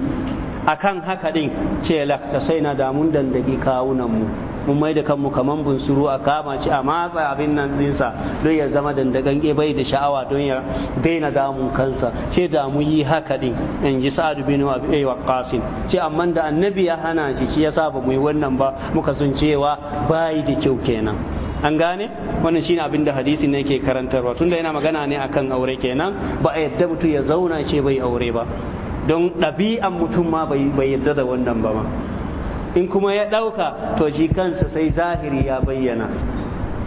akan haka din ce lafta sai na damun dandaki kawunan mu mun mai da kanmu kaman bunsuru a kama shi a matsa abin nan dinsa don ya zama dandagan bai da sha'awa don ya daina damun kansa ce da mu yi haka din in ji sa'ad bin abi eh, waƙasin ce amma da annabi ya hana shi shi yasa ba mu yi wannan ba muka sun cewa bai da kyau kenan an gane wannan shine abin da hadisin ne ke karantarwa tunda yana magana ne akan aure kenan ba a yadda mutum ya zauna ce bai aure ba don ɗabi'an mutum ma bai yadda da wannan ba ma in kuma ya ɗauka to shi kansa sai zahiri ya bayyana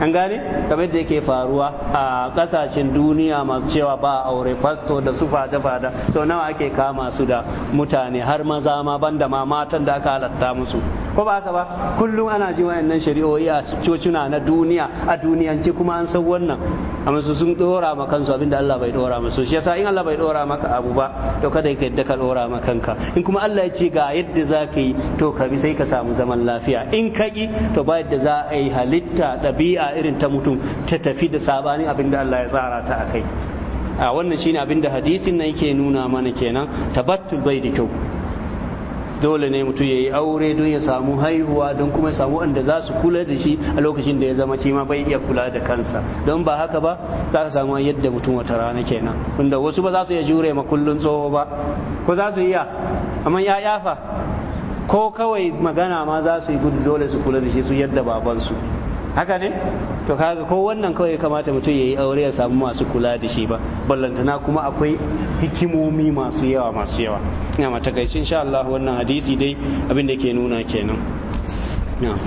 an gane kamar da yake faruwa a kasashen duniya masu cewa ba aure fasto da su fada-fada sau nawa ake kama su da mutane har maza ma banda ma matan da aka halatta musu ko ba haka ba kullum ana jin wayannan shari'o'i a cocina na duniya a duniyance kuma an san wannan amma su sun dora ma kansu abinda Allah bai dora su. shi yasa in Allah bai dora maka abu ba to kada ka yadda ka dora ma kanka in kuma Allah ya ce ga yadda za ka yi to ka bi sai ka samu zaman lafiya in ka ki to ba yadda za a yi halitta ɗabi'a irin ta mutum ta tafi da sabanin abinda Allah ya tsara ta akai a wannan shine abinda hadisin nan yake nuna mana kenan tabattul bai da kyau dole ne mutum ya yi aure don ya samu haihuwa don kuma samu wanda za su kula da shi a lokacin da ya zama shi ma bai iya kula da kansa don ba haka ba za ka samu yadda mutum wata rana kenan wanda wasu ba za su iya jure ma kullun tsoho ba ko za su iya amma ya yafa ko kawai magana ma za su yi gudu dole su kula da shi su yadda babansu haka ne to kaga ko wannan kawai kamata mutum ya yi aure ya samu masu kula da shi ba ballantana kuma akwai hikimomi masu yawa masu yawa ina mata kai insha Allah wannan hadisi dai abin da ke nuna kenan na'am